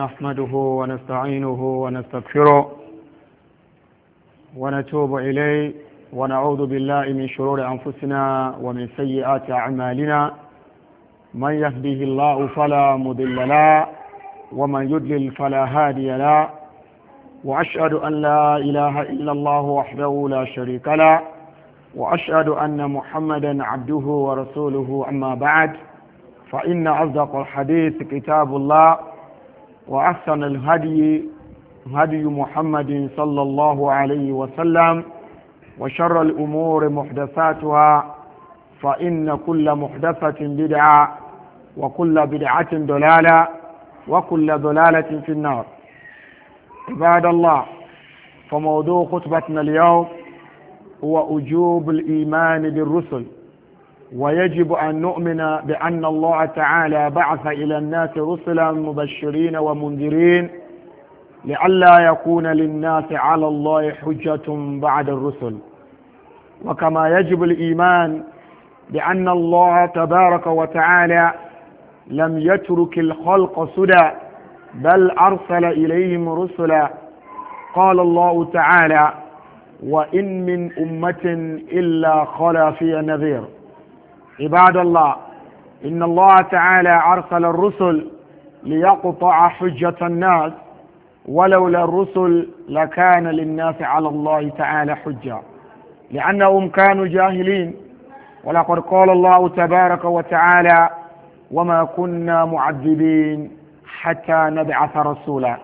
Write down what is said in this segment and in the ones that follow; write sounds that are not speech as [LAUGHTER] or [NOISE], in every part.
نحمده ونستعينه ونستغفره ونتوب إليه ونعوذ بالله من شرور أنفسنا ومن سيئات أعمالنا من يهده الله فلا مضل له ومن يضلل فلا هادي له وأشهد أن لا إله إلا الله وحده لا شريك له وأشهد أن محمدا عبده ورسوله أما بعد فإن أصدق الحديث كتاب الله وأحسن الهدي هدي محمد صلى الله عليه وسلم وشر الأمور محدثاتها فإن كل محدثة بدعة وكل بدعة ضلالة وكل ضلالة في النار عباد الله فموضوع خطبتنا اليوم هو أجوب الإيمان بالرسل ويجب أن نؤمن بأن الله تعالى بعث إلى الناس رسلا مبشرين ومنذرين لئلا يكون للناس على الله حجة بعد الرسل وكما يجب الإيمان بأن الله تبارك وتعالى لم يترك الخلق سدى بل أرسل إليهم رسلا قال الله تعالى وإن من أمة إلا خلا فيها نذير عباد الله إن الله تعالى أرسل الرسل ليقطع حجة الناس ولولا الرسل لكان للناس على الله تعالى حجة لأنهم كانوا جاهلين ولقد قال الله تبارك وتعالى وما كنا معذبين حتى نبعث رسولا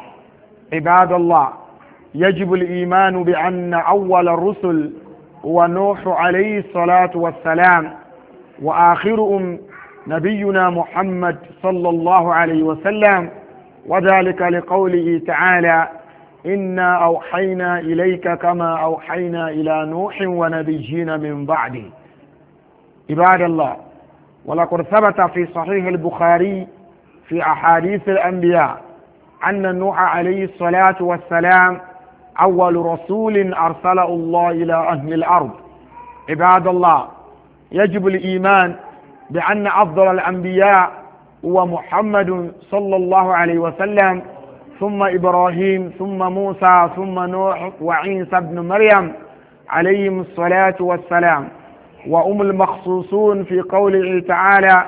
عباد الله يجب الإيمان بأن أول الرسل هو نوح عليه الصلاة والسلام وآخرهم نبينا محمد صلى الله عليه وسلم وذلك لقوله تعالى إنا أوحينا إليك كما أوحينا إلى نوح ونبيين من بعده عباد الله ولقد ثبت في صحيح البخاري في أحاديث الأنبياء أن نوح عليه الصلاة والسلام أول رسول أرسله الله إلى أهل الأرض عباد الله يجب الإيمان بأن أفضل الأنبياء هو محمد صلى الله عليه وسلم ثم إبراهيم ثم موسى ثم نوح وعيسى بن مريم عليهم الصلاة والسلام وهم المخصوصون في قوله تعالى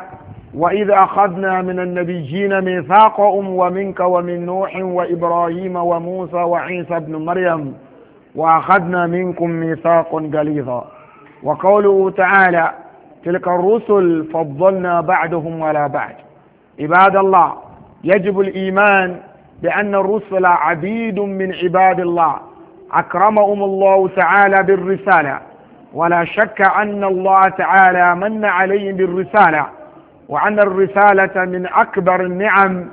وإذ أخذنا من النبيين ميثاقهم ومنك ومن نوح وإبراهيم وموسى وعيسى بن مريم وأخذنا منكم ميثاق غليظا وقوله تعالى تلك الرسل فضلنا بعدهم ولا بعد عباد الله يجب الإيمان بأن الرسل عبيد من عباد الله أكرمهم الله تعالى بالرسالة ولا شك أن الله تعالى من عليهم بالرسالة وأن الرسالة من أكبر النعم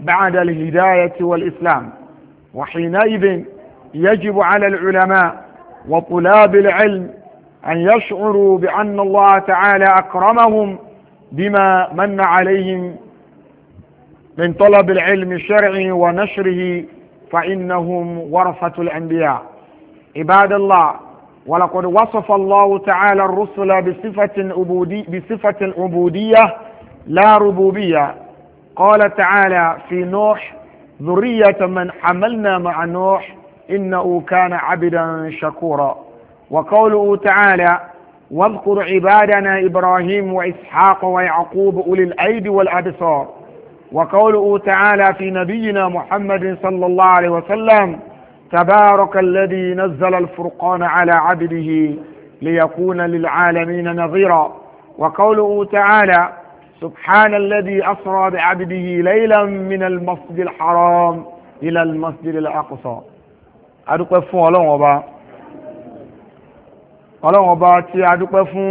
بعد الهداية والإسلام وحينئذ يجب على العلماء وطلاب العلم أن يشعروا بأن الله تعالى أكرمهم بما من عليهم من طلب العلم الشرعي ونشره فإنهم ورثة الأنبياء عباد الله ولقد وصف الله تعالى الرسل بصفة عبودي بصفة عبودية لا ربوبية قال تعالى في نوح ذرية من حملنا مع نوح إنه كان عبدا شكورا وقوله تعالى واذكر عبادنا إبراهيم وإسحاق ويعقوب أولي الأيدي والأبصار وقوله تعالى في نبينا محمد صلى الله عليه وسلم تبارك الذي نزل الفرقان على عبده ليكون للعالمين نظيرا وقوله تعالى سبحان الذي أسرى بعبده ليلا من المسجد الحرام إلى المسجد الأقصى أدقى فوالا ọlọ́run ọba tí a dúpẹ́ fún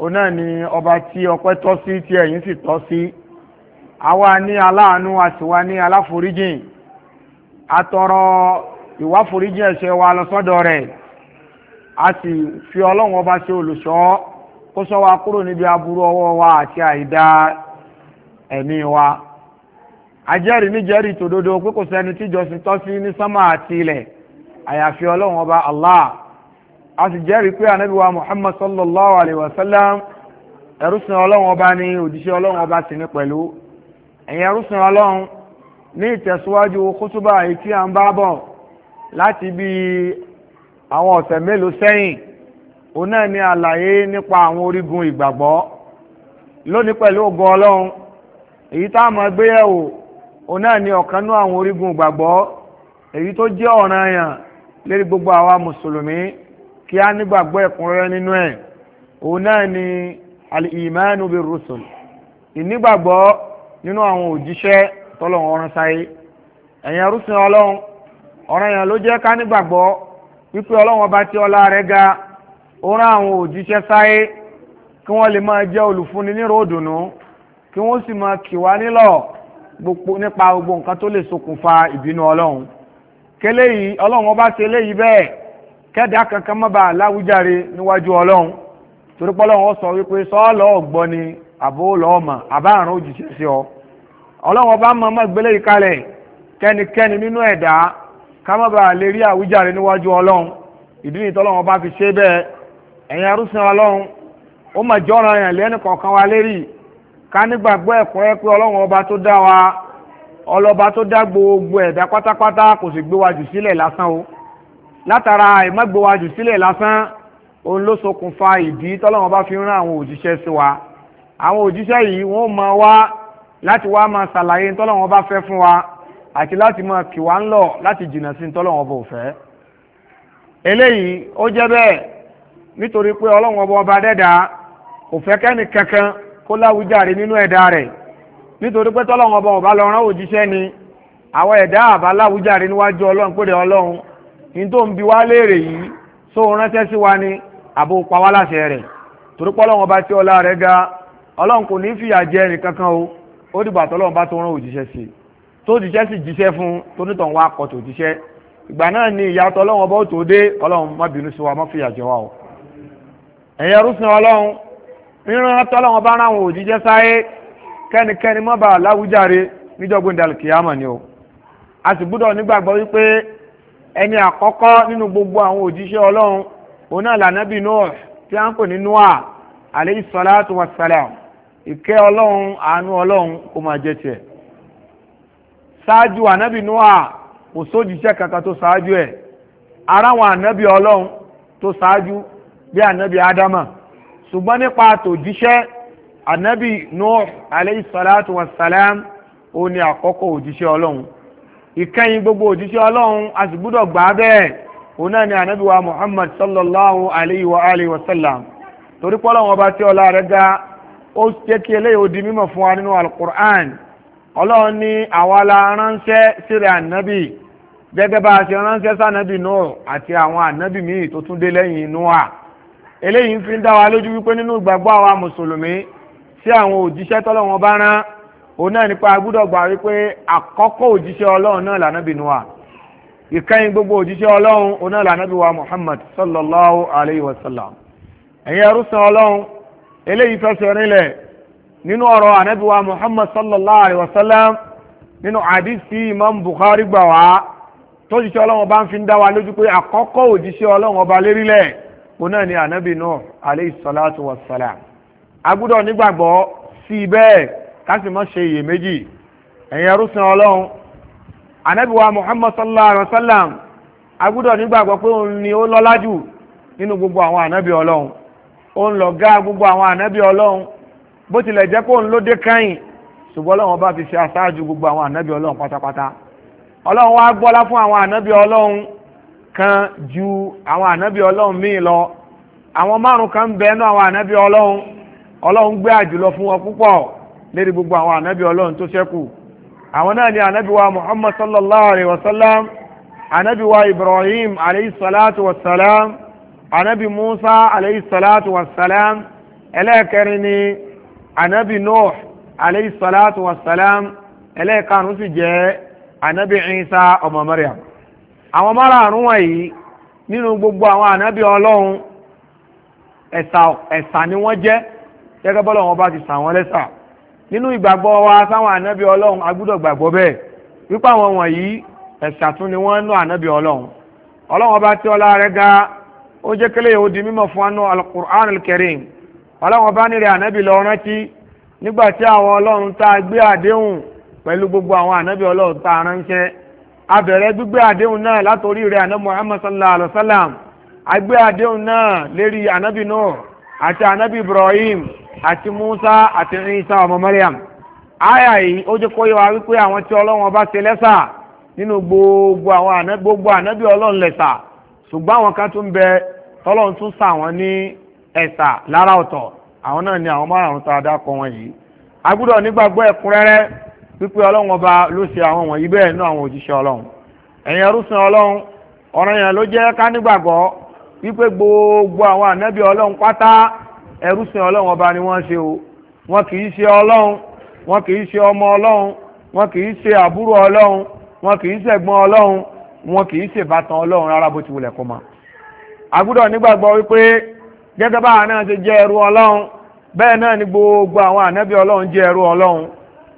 òun náà ni ọba tí ọpẹ́ tọ́ sí tí ẹ̀yìn sì tọ́ sí àwa ní aláàánú a sì wá ní aláforíjìn atọrọ ìwáforíjìn ẹ̀ṣẹ̀ wa lọ sọ́dọ̀ rẹ̀ a sì fi ọlọ́run ọba ṣe olùṣọ́ kó ṣọ́ wa kúrò níbi aburú ọwọ́ wa àti àìdá ẹ̀mí wa ajẹ́rìí níjẹ́rìí tòdodo pé kò sẹ́ni tíjọ́sìn tọ́ sí ní sánmà àti ilẹ̀ àyàfi ọlọ́run ọba Allah a sì jẹ́rìí pé anábíwá muhammad sallallahu alayhi wa sallam ẹrúsìn ọlọ́run ọba ní òjíṣẹ́ ọlọ́run ọba sì ní pẹ̀lú ẹ̀yin ẹrúsìn ọlọ́run ní ìtẹ̀síwájú kútúbà yìí tí à ń bá bọ̀ láti bí àwọn ọ̀sẹ̀ mélòó sẹ́yìn òun náà ní àlàyé nípa àwọn orígun ìgbàgbọ́ lónìí pẹ̀lú ògo ọlọ́run èyí tá a máa gbé yẹ̀wò òun náà ní ọ̀kan nú àwọn orígun ìgbàgbọ́ èyí tó jẹ́ ọ̀ranyàn lérí gbogbo àwa mùsùlùmí kí a nígbàgbọ́ ẹ̀kúnrẹ́rẹ́ nínú ẹ̀ òun náà ni al-imanu bir rusul ìnígbàgbọ́ nínú àwọn òjíṣẹ́ tọ́lọ́run ọ̀ràn sáyé ẹ̀yin arúsìn ọlọ́run ọ̀ràn yẹn ló jẹ́ ká nígbàgbọ́ wípé ọlọ́run ọba tí ọlá rẹ̀ ga ó rán àwọn òjíṣẹ́ sáyé kí wọ́n lè máa jẹ́ olùfúnni ní ròdùnú kí wọ́n sì máa kì wá nílọ̀ nípa gbogbo nǹkan tó lè ṣokùnfà ìbínú ọlọ́run kélé ọlọ́run ọba ṣe eléyìí bẹ́ẹ̀ kẹ́dà kankan má bàa láwùjáre níwájú ọlọ́run torí pọ́lọ́run ó sọ wípé sọ́ọ̀lọ́ ọ̀gbọ́n ni àbó lọ́ọ̀mà àbá òjìṣẹ́ sí ọ ọlọ́run ọba mọ̀ ọmọ ìgbélé yìí kalẹ̀ kẹ́nikẹ́ni nínú ẹ̀dá ká má lè rí àwùjáre níwájú ọlọ́run ìdí tọ́lọ́run fi ṣe bẹ́ẹ̀ ẹ̀yin arúsìn ọlọ́run ó jọ́ra wa lérí ká nígbàgbọ́ látara àìmọ́gbọ́wájú sílẹ̀ lásán òun ló ṣokùnfà ìdí tọ́lọ́wọ́n bá fi ń rán àwọn òjíṣẹ́ sí wa àwọn òjíṣẹ́ yìí wọ́n máa wá láti wá máa ṣàlàyé tọ́lọ́wọ́n bá fẹ́ fún wa àti láti máa kì wá ń lọ láti jìnnà sí tọ́lọ́wọ́n bò fẹ́ eléyìí ó jẹ́ bẹ́ẹ̀ nítorí pé ọlọ́wọ́n bọ́ ọba dẹ́dà kò fẹ́ kẹ́ni kankan kó láwùjáre nínú ẹ̀dá rẹ̀ nítorí pé tọ́lọ́wọ́n bọ́ ọba lọ òjíṣẹ́ ni àwọn ẹ̀dá àbá láwùjáre níwájú ọlọ́run pé ọlọ́run ní tó ń bi wá léèrè yìí só ránṣẹ́ sí wa ni àbò pa wá láṣẹ rẹ̀ torípọ́ ọlọ́run ọba tí ọlá rẹ̀ ga ọlọ́run kò ní fìyà jẹ ẹnìkankan o ó dìgbà tọ́lọ́run bá tó rán òjíṣẹ́ sí i tó òjíṣẹ́ sì jíṣẹ́ fún tónítàn wa kọ̀ òjíṣẹ́ ìgbà náà ni ìyà tọ́lọ́run ọba ó tó dé ọlọ́run má bínú sí wa má fìyà jẹ wa o ẹ̀yẹ rúṣin ọlọ́run ríran tọ́lọ́run bá ráwọn òjíṣẹ́ sáyé kẹ́nikẹ́ni má láwùjáre níjọ́gbìn ni o a sì gbúdọ̀ nígbàgbọ́ wípé ẹni àkọ́kọ́ nínú gbogbo àwọn òjíṣẹ́ ọlọ́run òun náà lànàbì Nuh tí a ń pè ní Noah alayhi ike wassalam ìkẹ́ ọlọ́run àánú ọlọ́run kó máa jẹ tiẹ̀ ṣáájú ànábì Noah kò sójíṣẹ́ kankan tó ṣáájú ẹ̀ ara ànábì ọlọ́run tó ṣáájú bí ànábì Ádámà ṣùgbọ́n nípa àtòjíṣẹ́ ànábì Nuh alayhi ni àkọ́kọ́ ìkẹyìn gbogbo òjíṣẹ́ ọlọ́run a sì gbúdọ̀ gbà á bẹ́ẹ̀ òun náà ni ànábì wa muhammad sallallahu alayhi wa alayhi wa sallam torí pọ́lọ́ wọn bá tí ọlá rẹ̀ ga ó jẹ́ kí eléyìí ó di mímọ̀ fún wa nínú alukur'an ọlọ́run ní àwa la ránṣẹ́ síra ànábì gẹ́gẹ́ bá a ṣe ránṣẹ́ sànábì náà àti àwọn ànábì míì tó tún dé lẹ́yìn Nóà eléyìí ń fi dá wa lójú wípé nínú ìgbàgbọ́ àwa mùsùlùmí sí àwọn òjíṣẹ́ tọ́lọ́ bá rán òun náà nípa agbúdọ̀ gbà wípé àkọ́kọ́ òjíṣẹ́ ọlọ́run náà lànàbì Nuwa ìkẹyìn gbogbo òjíṣẹ́ ọlọ́run òun náà Muhammad sallallahu alayhi wa sallam ẹ̀yin ẹrúsàn ọlọ́run eléyìí fẹsẹ̀ rinlẹ̀ nínú ọ̀rọ̀ Muhammad sallallahu alayhi wa sallam nínú àdìsí Imam Bukhari gbà wá tójíṣẹ́ ọlọ́run ọba ń fi dá wa lójú pé àkọ́kọ́ òjíṣẹ́ ọlọ́run salatu wa salam agbúdọ̀ nígbàgbọ́ sí bẹ́ẹ̀ kásì mọ́ ṣe iyèméjì ẹ̀yin ẹrúsìn ọlọ́run anábìwá muhammad sallallahu alayhi wa sallam agbúdọ̀ nígbàgbọ́ pé òun ni ó lọ́lá jù nínú gbogbo àwọn ànábì ọlọ́run òun lọ̀gá gbogbo àwọn ànábì ọlọ́run bó tilẹ̀ jẹ́ pé òun ló dé kẹ́yìn ṣùgbọ́n ọlọ́run ọba fi ṣe aṣáájú gbogbo àwọn ànábì ọlọ́run pátápátá ọlọ́run wá gbọ́lá fún àwọn ànábì ọlọ́run kan ju àwọn ànábì ọlọ́run míì lọ àwọn márùn kan ń bẹ àwọn ànábì ọlọ́run ọlọ́run gbé àjùlọ fún wọn púpọ̀ lérí gbogbo àwọn ànábì ọlọ́run tó ṣẹ́kù àwọn náà ni ànábì wa muhammad sallallahu alayhi wa sallam ànábì wa ibrahim alayhi salatu wa salam ànábì musa alayhi salatu wa salam ẹlẹ́ẹ̀kẹrin ni ànábì nuh alayhi salatu wa salam ẹlẹ́ẹ̀karùn sì jẹ́ ànábì isa ọmọ maryam àwọn márààrún wọ̀nyí nínú gbogbo àwọn ànábì ọlọ́run ẹ̀sà ẹ̀sà ni wọ́n jẹ́ gẹ́gẹ́ bọ́lá wọn bá ti sà wọ́n lẹ́sà nínú ìgbàgbọ́ wa sáwọn ànábì ọlọ́run agbúdọ̀ gbàgbọ́ bẹ́ẹ̀ wípé àwọn wọ̀nyí ẹ̀sà tún ni wọ́n ń nú ànábì ọlọ́run ọlọ́run ọba tí ọlá rẹ̀ ga ó jẹ́ kélé yòó di mímọ̀ fún anú alukur'an alkarim ọlọ́run ọba nírẹ̀ ànábì lọ rántí nígbà tí àwọn ọlọ́run tá a gbé àdéhùn pẹ̀lú gbogbo àwọn ànábì ọlọ́run tá a ránṣẹ́ a gbígbé àdéhùn náà látòrí rẹ̀ ànábì Muhammad sallallahu alayhi wa sallam a àdéhùn náà lérí ànábì Nuh àti anabi ibrahim ati musa ati isa ọmọ mariam aya yìí ó jẹ́ kó wípé àwọn tí ọlọ́run ọba ṣe lẹ́sà gbogbo àwọn anabi gbogbo anabi ọlọ́run lẹ́sà ṣùgbọ́n àwọn kan tún bẹ tọ́lọ́run tún sà wọ́n ní ẹ̀sà lára ọ̀tọ̀ ni àwọn márùn-ún tó wọn yìí a nígbàgbọ́ ẹ̀kúnrẹ́rẹ́ wípé ọlọ́run ọba ló ṣe àwọn wọ̀nyí bẹ́ẹ̀ àwọn òjíṣẹ́ ọlọ́run ẹ̀yin wípé gbogbo àwọn ànábì ọlọ́run pátá ẹrúsìn ọlọ́run ọba ni wọ́n ṣe o wọn kì í ṣe ọlọ́run wọn kì í ṣe ọmọ ọlọ́run wọn kì í ṣe àbúrò ọlọ́run wọn kì í ṣẹ̀gbọ́n ọlọ́run wọn kì í ṣèbátan ọlọ́run rárá bó ti wulẹ̀ kó mọ́ àgùdọ̀ nígbàgbọ́ wípé gẹ́gẹ́ báwa náà ṣe jẹ́ ẹrú ọlọ́run bẹ́ẹ̀ ni gbogbo àwọn ọlọ́run jẹ́ ẹrú ọlọ́run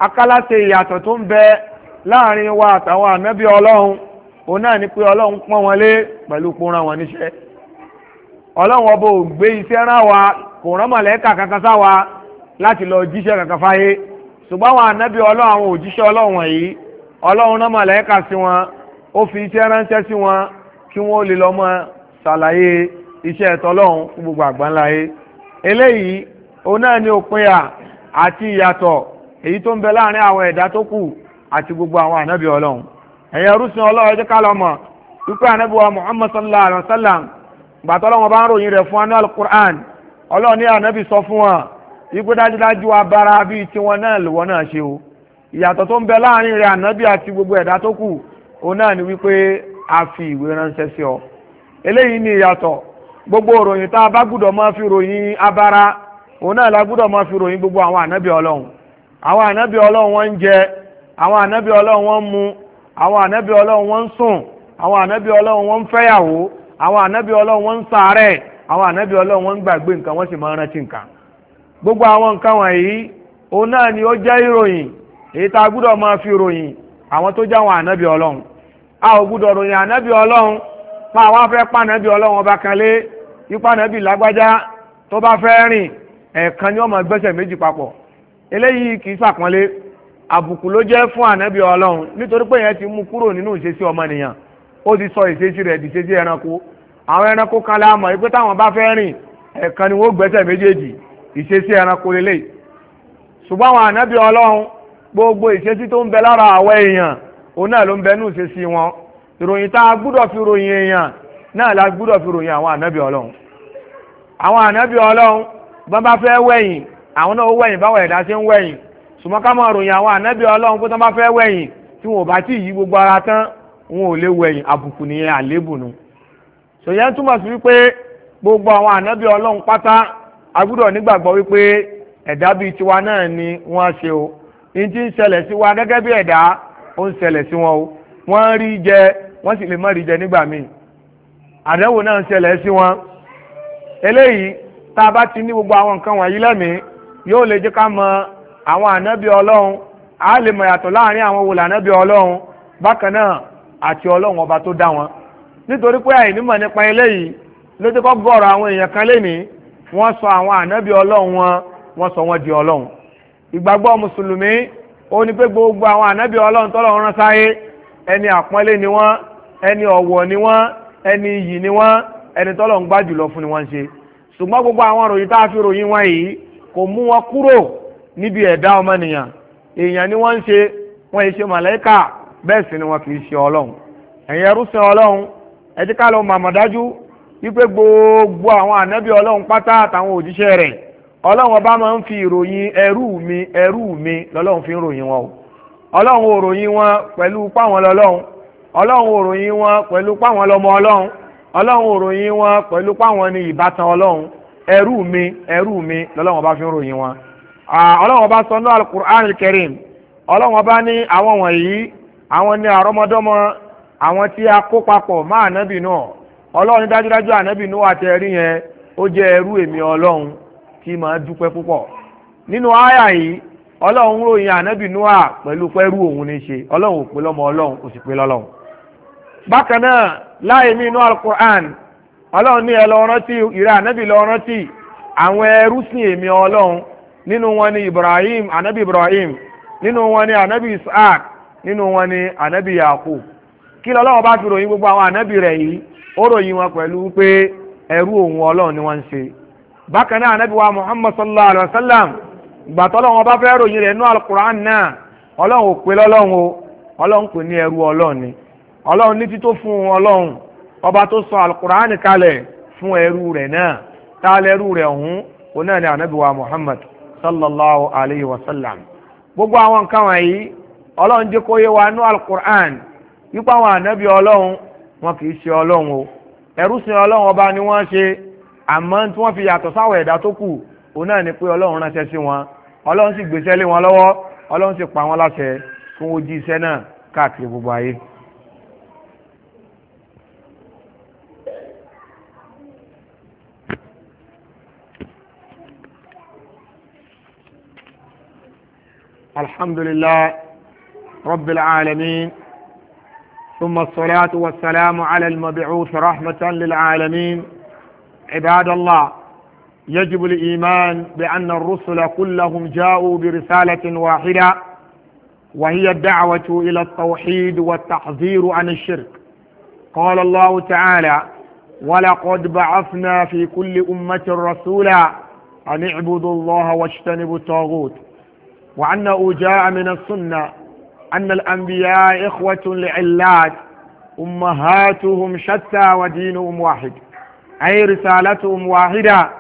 akálàṣe ìyàtọ̀ tó ń bẹ láàrin wa àtàwọn ọlọ́run ọba ò gbé iṣẹ́ rán wa kò rán mọ̀lẹ́kà kankan láti lọ jíṣẹ́ kankan fáyé ṣùgbọ́n àwọn ànábì ọlọ́run àwọn òjíṣẹ́ ọlọ́run wọ̀nyí ọlọ́run rán mọ̀lẹ́kà sí wọn ó fi iṣẹ́ ránṣẹ́ sí wọn kí wọ́n lè lọ́mọ ṣàlàyé iṣẹ́ fún gbogbo eléyìí òun náà òpin à àti ìyàtọ̀ èyí tó gbogbo àwọn ẹ̀yẹ rúṣin ká lọ mọ̀ wípé gbàtọ́lọ́wọ́n bá ń ròyìn rẹ̀ fún anú alukur'an ọlọ́run ní ànábì sọ fún wọn ipò dájúdájú abara bíi tiwọn náà lọ́wọ́ náà ṣe o ìyàtọ̀ tó ń bẹ láàrin rẹ̀ ànábì àti gbogbo ẹ̀dá tó kù òun náà ni wípé a fi ìwé ránṣẹ́ sí ọ eléyìí ni ìyàtọ̀ gbogbo ìròyìn tá a bá gbúdọ̀ máa fi ròyìn abara òun náà la gbúdọ̀ máa fi ròyìn gbogbo àwọn ànábì ọlọ́run àwọn ànábì ọlọ́run wọ́n ń jẹ àwọn ànábì ọlọ́run wọ́n ń mu àwọn ànábì ọlọ́run àwọn ànábì ọlọ́run wọ́n ń ṣàárẹ̀ àwọn ànábì ọlọ́run wọ́n ń gbàgbé nǹkan wọ́n sì máa ń rántí nǹkan gbogbo àwọn nǹkan wọ̀nyí òun náà ni ó jẹ́ ìròyìn èyí tá a gbúdọ̀ máa fi ròyìn àwọn tó jáwọn ànábì ọlọ́run a ò gbúdọ̀ ròyìn ànábì ọlọ́run pa àwa fẹ́ pa ànábì ọlọ́run ọba kan lé ipa ànábì lágbájá tó bá fẹ́ rìn ẹ̀ẹ̀kan ni ó máa gbẹ́sẹ̀ méjì papọ̀ eléyìí kì í ṣàpọ́nlé àbùkù ló jẹ́ fún ànábì ọlọ́run nítorí pé yẹn ti mú kúrò nínú ìṣesí ọmọnìyàn ó ti sọ ìṣesí rẹ̀ di ìṣesí ẹranko àwọn ẹranko kan la mọ̀ pé táwọn bá fẹ́ rìn ẹ̀kan ni wọ́n gbẹ́sẹ̀ méjèèjì ìṣesí ẹranko lélẹ̀ ṣùgbọ́n àwọn ànábì ọlọ́run gbogbo ìṣesí tó ń bẹ lára àwọn èèyàn òun náà ló ń bẹ ní ìṣesí wọn ìròyìn tá a gbúdọ̀ fi ròyìn èèyàn náà la gbúdọ̀ fi ròyìn àwọn ànábì ọlọ́run àwọn ànábì ọlọ́run bọ́n bá fẹ́ wẹ̀yìn àwọn náà ó wẹ̀yìn báwọn ẹ̀dá ṣe ń wẹ̀yìn ṣùgbọ́n ká sòyẹ́ túmọ̀ sí wípé gbogbo àwọn ànábì ọlọ́run pátá agbúdọ̀ nígbàgbọ́ wípé ẹ̀dá bíi tiwa náà ni wọ́n ṣe o ní ti ń ṣẹlẹ̀ sí wa gẹ́gẹ́ bí ẹ̀dá ó ń ṣẹlẹ̀ sí wọn o wọ́n rí jẹ wọ́n sì lè má rí jẹ nígbà míì àdánwò náà ń ṣẹlẹ̀ sí wọn eléyìí tá a bá ti ní gbogbo àwọn nǹkan wọ̀nyí lẹ́mìí yóò lè jẹ́ ká mọ àwọn ànábì ọlọ́run a lè mọ̀ yàtọ̀ láàrin àwọn wòlò ànábì ọlọ́run bákan náà àti ọlọ́run ọba tó dá wọn nítorí pé àìnímọ̀ nípa eléyìí ló ti kọ́ gọ̀ọ̀rọ̀ àwọn èèyàn kan lénìí wọ́n sọ àwọn ànábì ọlọ́run wọn wọ́n sọ wọn di ọlọ́run ìgbàgbọ́ mùsùlùmí ó ní pé gbogbo àwọn ànábì ọlọ́run tọ́lọ́run rán sáyé ẹni àpọ́nlé ni wọ́n ẹni ọ̀wọ̀ ni wọ́n ẹni iyì ni wọ́n ẹni tọ́lọ́run gbà jùlọ fún ni wọ́n ń ṣe ṣùgbọ́n gbogbo àwọn ròyìn tá a fi ròyìn wọn yìí kò mú wọn kúrò níbi ẹ̀dá ọmọnìyàn èèyàn ni wọ́n ń ṣe wọ́n yìí ṣe màlẹ́kà bẹ́ẹ̀ sì ni wọn kì ṣe ọlọ́run ẹ̀yin sin ọlọ́run ẹtí ká lọ wípé gbogbo àwọn ànábì ọlọ́run pátá àtàwọn òjíṣẹ́ rẹ̀ ọlọ́run ọba máa ń fi ìròyìn ẹrú mi ẹrú mi lọ́lọ́run fi ń ròyìn wọn o ọlọ́run ò ròyìn wọn pẹ̀lú páwọn lọ́lọ́run ọlọ́run ò ròyìn wọn pẹ̀lú páwọn lọ́mọ ọlọ́run ọlọ́run ò ròyìn wọn pẹ̀lú páwọn ní ìbátan ọlọ́run mi ẹrú mi lọ́lọ́run ọba fi ń ròyìn wọn ọba sọ ní àwọn tí a kó papọ̀ má ànábì náà ọlọ́run dájúdájú ànábì Nuhu àtẹ̀rí yẹn ó jẹ́ ẹrú èmi ọlọ́run tí màá dúpẹ́ púpọ̀ nínú àyà yìí ọlọ́run ròyìn ànábì Nuhu pẹ̀lú pẹ́rú òun ní ṣe ọlọ́run ò pé lọ́mọ ọlọ́run kò sì pé lọ́lọ́run. bákan náà láì mí inú alukur'an ọlọ́run ní ẹ lọ rántí ìrẹ́ ànábì lọ rántí àwọn ẹrú sìn èmi ọlọ́run nínú wọn ni Ibrahim ànábì Ibrahim nínú wọn ni ànábì Isaac nínú wọn ni ànábì Yakub kí lọ́lọ́wọ́ bá fi ròyìn gbogbo àwọn ànábì rẹ̀ yìí ó ròyìn wọn pẹ̀lú pé ẹrú òun ọlọ́run ni wọ́n ń ṣe bákan náà ànábì wa muhammad sallallahu alayhi wa sallam ìgbà tọ́lọ́wọ́n bá fẹ́ ròyìn rẹ̀ nú alukur'an náà ọlọ́run ò lọ́lọ́run o ní ọlọ́run ni ọlọ́run ní fún ọlọ́run ọba tó sọ alukur'an kalẹ̀ fún rẹ̀ náà tá a lẹ́rú rẹ̀ ọ̀hún wa muhammad yípa àwọn ànábì ọlọ́run wọn kì í ṣe ọlọ́run o ẹrú sin ọlọ́run ọba ni wọ́n ṣe àmọ́ tí wọ́n fi yàtọ̀ sáwọ̀ ẹ̀dá tó kù òun náà ni pé ọlọ́run ránṣẹ́ sí wọn ọlọ́run sì gbéṣẹ́ lé wọn lọ́wọ́ ọlọ́run sì pa wọn láṣẹ kí wọ́n jí iṣẹ́ náà káàkiri gbogbo ayé. alhamdulillah rabbil alamin. ثم الصلاة والسلام على المبعوث رحمة للعالمين عباد الله يجب الإيمان بأن الرسل كلهم جاءوا برسالة واحدة وهي الدعوة إلى التوحيد والتحذير عن الشرك قال الله تعالى ولقد بعثنا في كل أمة رسولا أن اعبدوا الله واجتنبوا الطاغوت وأنه جاء من السنة أن الأنبياء إخوة لعلات أمهاتهم شتى ودينهم واحد أي رسالتهم واحدة